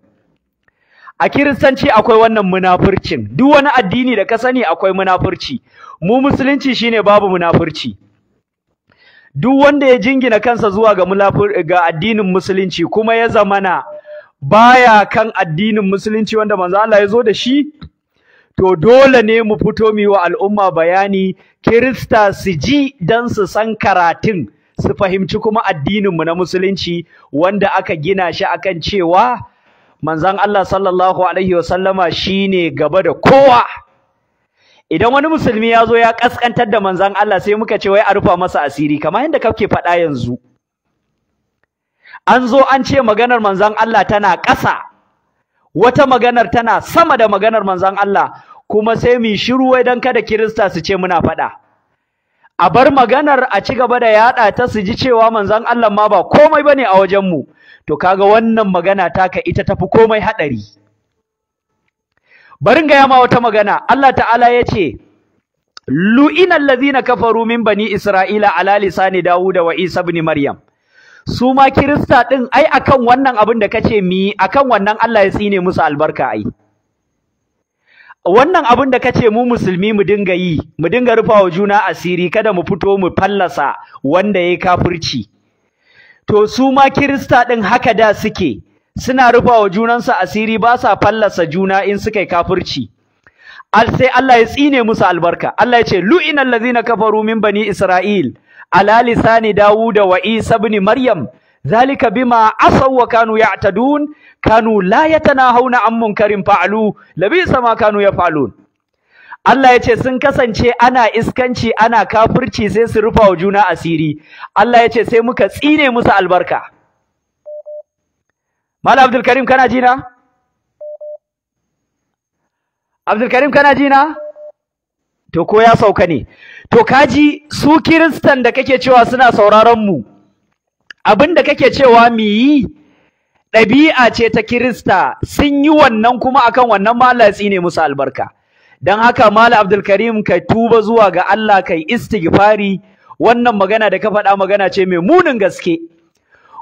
a kiristanci akwai wannan munafurcin duk wani addini da ka sani akwai munafurci mu musulunci shine babu munafurci duk wanda ya jingina kansa zuwa ga ga addinin musulunci kuma ya zamana baya kan addinin musulunci wanda manzo Allah ya zo da shi to dole ne mu fito mu wa al'umma bayani kirista su ji dan su san karatun su fahimci kuma addininmu na musulunci wanda aka gina shi akan cewa manzon Allah sallallahu alaihi sallama shine gaba da kowa idan wani musulmi ya zo ya kaskantar da manzon Allah sai muka ce wai a rufa masa asiri kamar yadda kake faɗa yanzu an zo an ce maganar manzon Allah tana ƙasa wata maganar tana sama da maganar manzon Allah kuma sai mu shiru wai dan kada kirista su ce muna faɗa a bar maganar a ci gaba da yaɗa ta su ji cewa manzon Allah ma ba komai bane a wajen mu to kaga wannan magana taka ita tafi komai haɗari barin ga yama wata magana Allah ta'ala ya ce lu'ina allazina kafaru min bani isra'ila ala lisani dawuda wa isa ibn maryam su ma kirista din ai akan wannan abin da kace mi akan wannan Allah ya tsine musu albarka ai wannan abin da kace mu musulmi mu dinga yi mu dinga rufa wa juna asiri kada mu fito mu fallasa wanda yayi kafirci to su ma kirista din haka da suke suna rufa wa junansu asiri ba sa fallasa juna in suka yi kafirci sai Allah ya tsine musu albarka Allah ya ce lu'inal ladzina kafaru min bani isra'il ala lisani dawuda wa isa ibn maryam ذلك بما عصوا wa يعتدون كانوا لا la عن منكر فعلوا fa'alu ما كانوا يفعلون Allah ya ce sun kasance ana iskanci ana kafirci sai su rufa wa juna asiri Allah ya ce sai muka tsine musu albarka Malam Abdul Karim kana jina? na Abdul Karim kana ji na to ko ya sauka ne to kaji su kiristan da kake cewa suna sauraron mu abin da kake cewa muyi yi ɗabi'a ce ta Kirista sun yi wannan kuma akan wannan malatsi ne musu albarka don haka mala abdulkarim ka tuba zuwa ga Allah kai istighfari wannan magana da ka faɗa magana ce mai munin gaske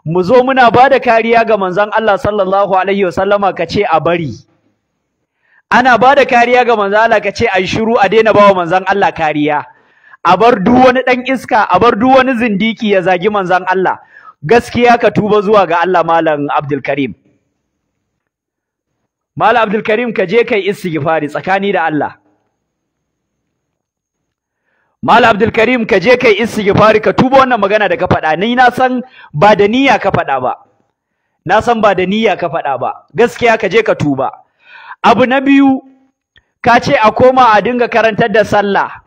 mu zo muna ba da kariya ga manzon Allah sallallahu alaihi wasallama ka ce a bari ana ba da kariya ga manzon Allah ka ce a shiru a daina ba wa manzon Allah kariya a bar duk wani ɗan iska a bar duk wani zindiki ya zagi manzan Allah gaskiya ka tuba zuwa ga Allah malam Abdul Karim malam Abdul Karim ka je kai istighfari tsakani da Allah malam Abdul Karim ka je kai istighfari ka tuba wannan magana da ka faɗa ni na san ba da niyya ka faɗa ba na san ba da niyya ka faɗa ba gaskiya ka je ka tuba abu na biyu ka ce a koma a dinga karantar da sallah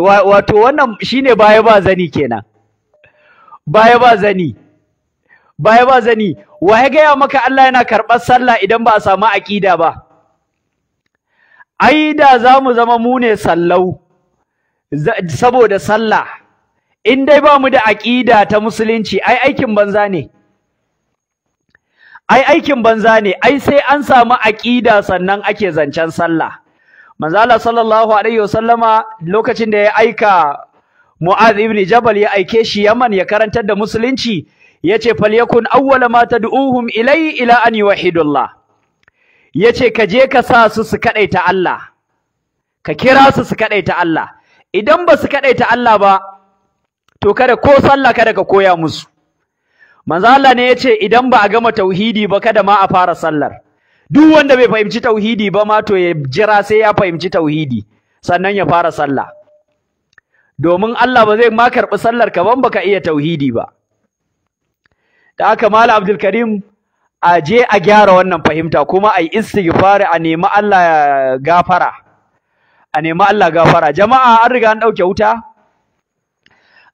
wato wannan shine baya ba zani kenan baya ba zani baya ba zani wa ya gaya maka Allah yana karɓar sallah idan ba a samu aƙida ba ai da za zama mu ne sallau saboda sallah in dai ba mu da aƙida ta musulunci ai aikin banza ne ai aikin banza ne ai sai an samu aƙida sannan ake zancen sallah manzo Allah sallallahu alaihi wasallama lokacin da ya aika Mu'adh ibn Jabal ya aike shi Yaman ya karantar da musulunci yace falyakun awwala ma tad'uhum ilai ila an yuwahidullah yace ka je ka sa su su kadaita Allah ka kira su su kadaita Allah idan ba su kadaita Allah ba to kada ko sallah kada ka koya musu manzo Allah ne yace idan ba a gama tauhidi ba kada ma a fara sallar duk wanda bai fahimci tauhidi ba ma to ya jira sai ya fahimci tauhidi sannan ya fara sallah domin Allah ba zai ma karɓi sallar ka ban baka iya tauhidi ba da haka mala abdul karim a je a gyara wannan fahimta kuma a yi istighfari a nemi Allah gafara a nemi Allah gafara jama'a an riga an ɗauke wuta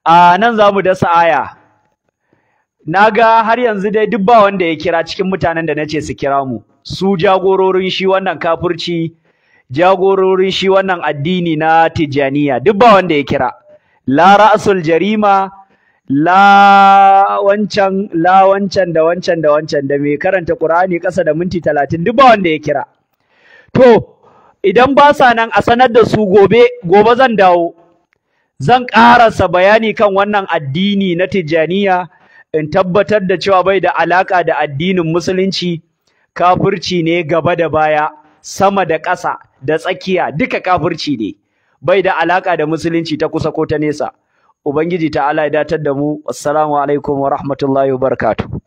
a nan za mu dasa aya na ga har yanzu dai duk ba wanda ya kira cikin mutanen da na ce su kira mu su jagororin shi wannan kafurci jagororin shi wannan addini na Tijaniya duk ba wanda ya kira la ra'sul jarima la wancan la wancan da wancan da wancan da mai karanta Qur'ani ƙasa da minti 30 duk ba wanda ya kira to idan ba sa nan a sanar da su gobe gobe zan dawo zan ƙarasa bayani kan wannan addini na Tijaniya in tabbatar da cewa bai da alaka da addinin musulunci kafirci ne gaba da baya sama da ƙasa da tsakiya duka kafirci ne bai da alaka da musulunci ta kusa ko ta nesa ubangiji ta ya datar da mu assalamu alaikum wa rahmatullahi wa barakatuh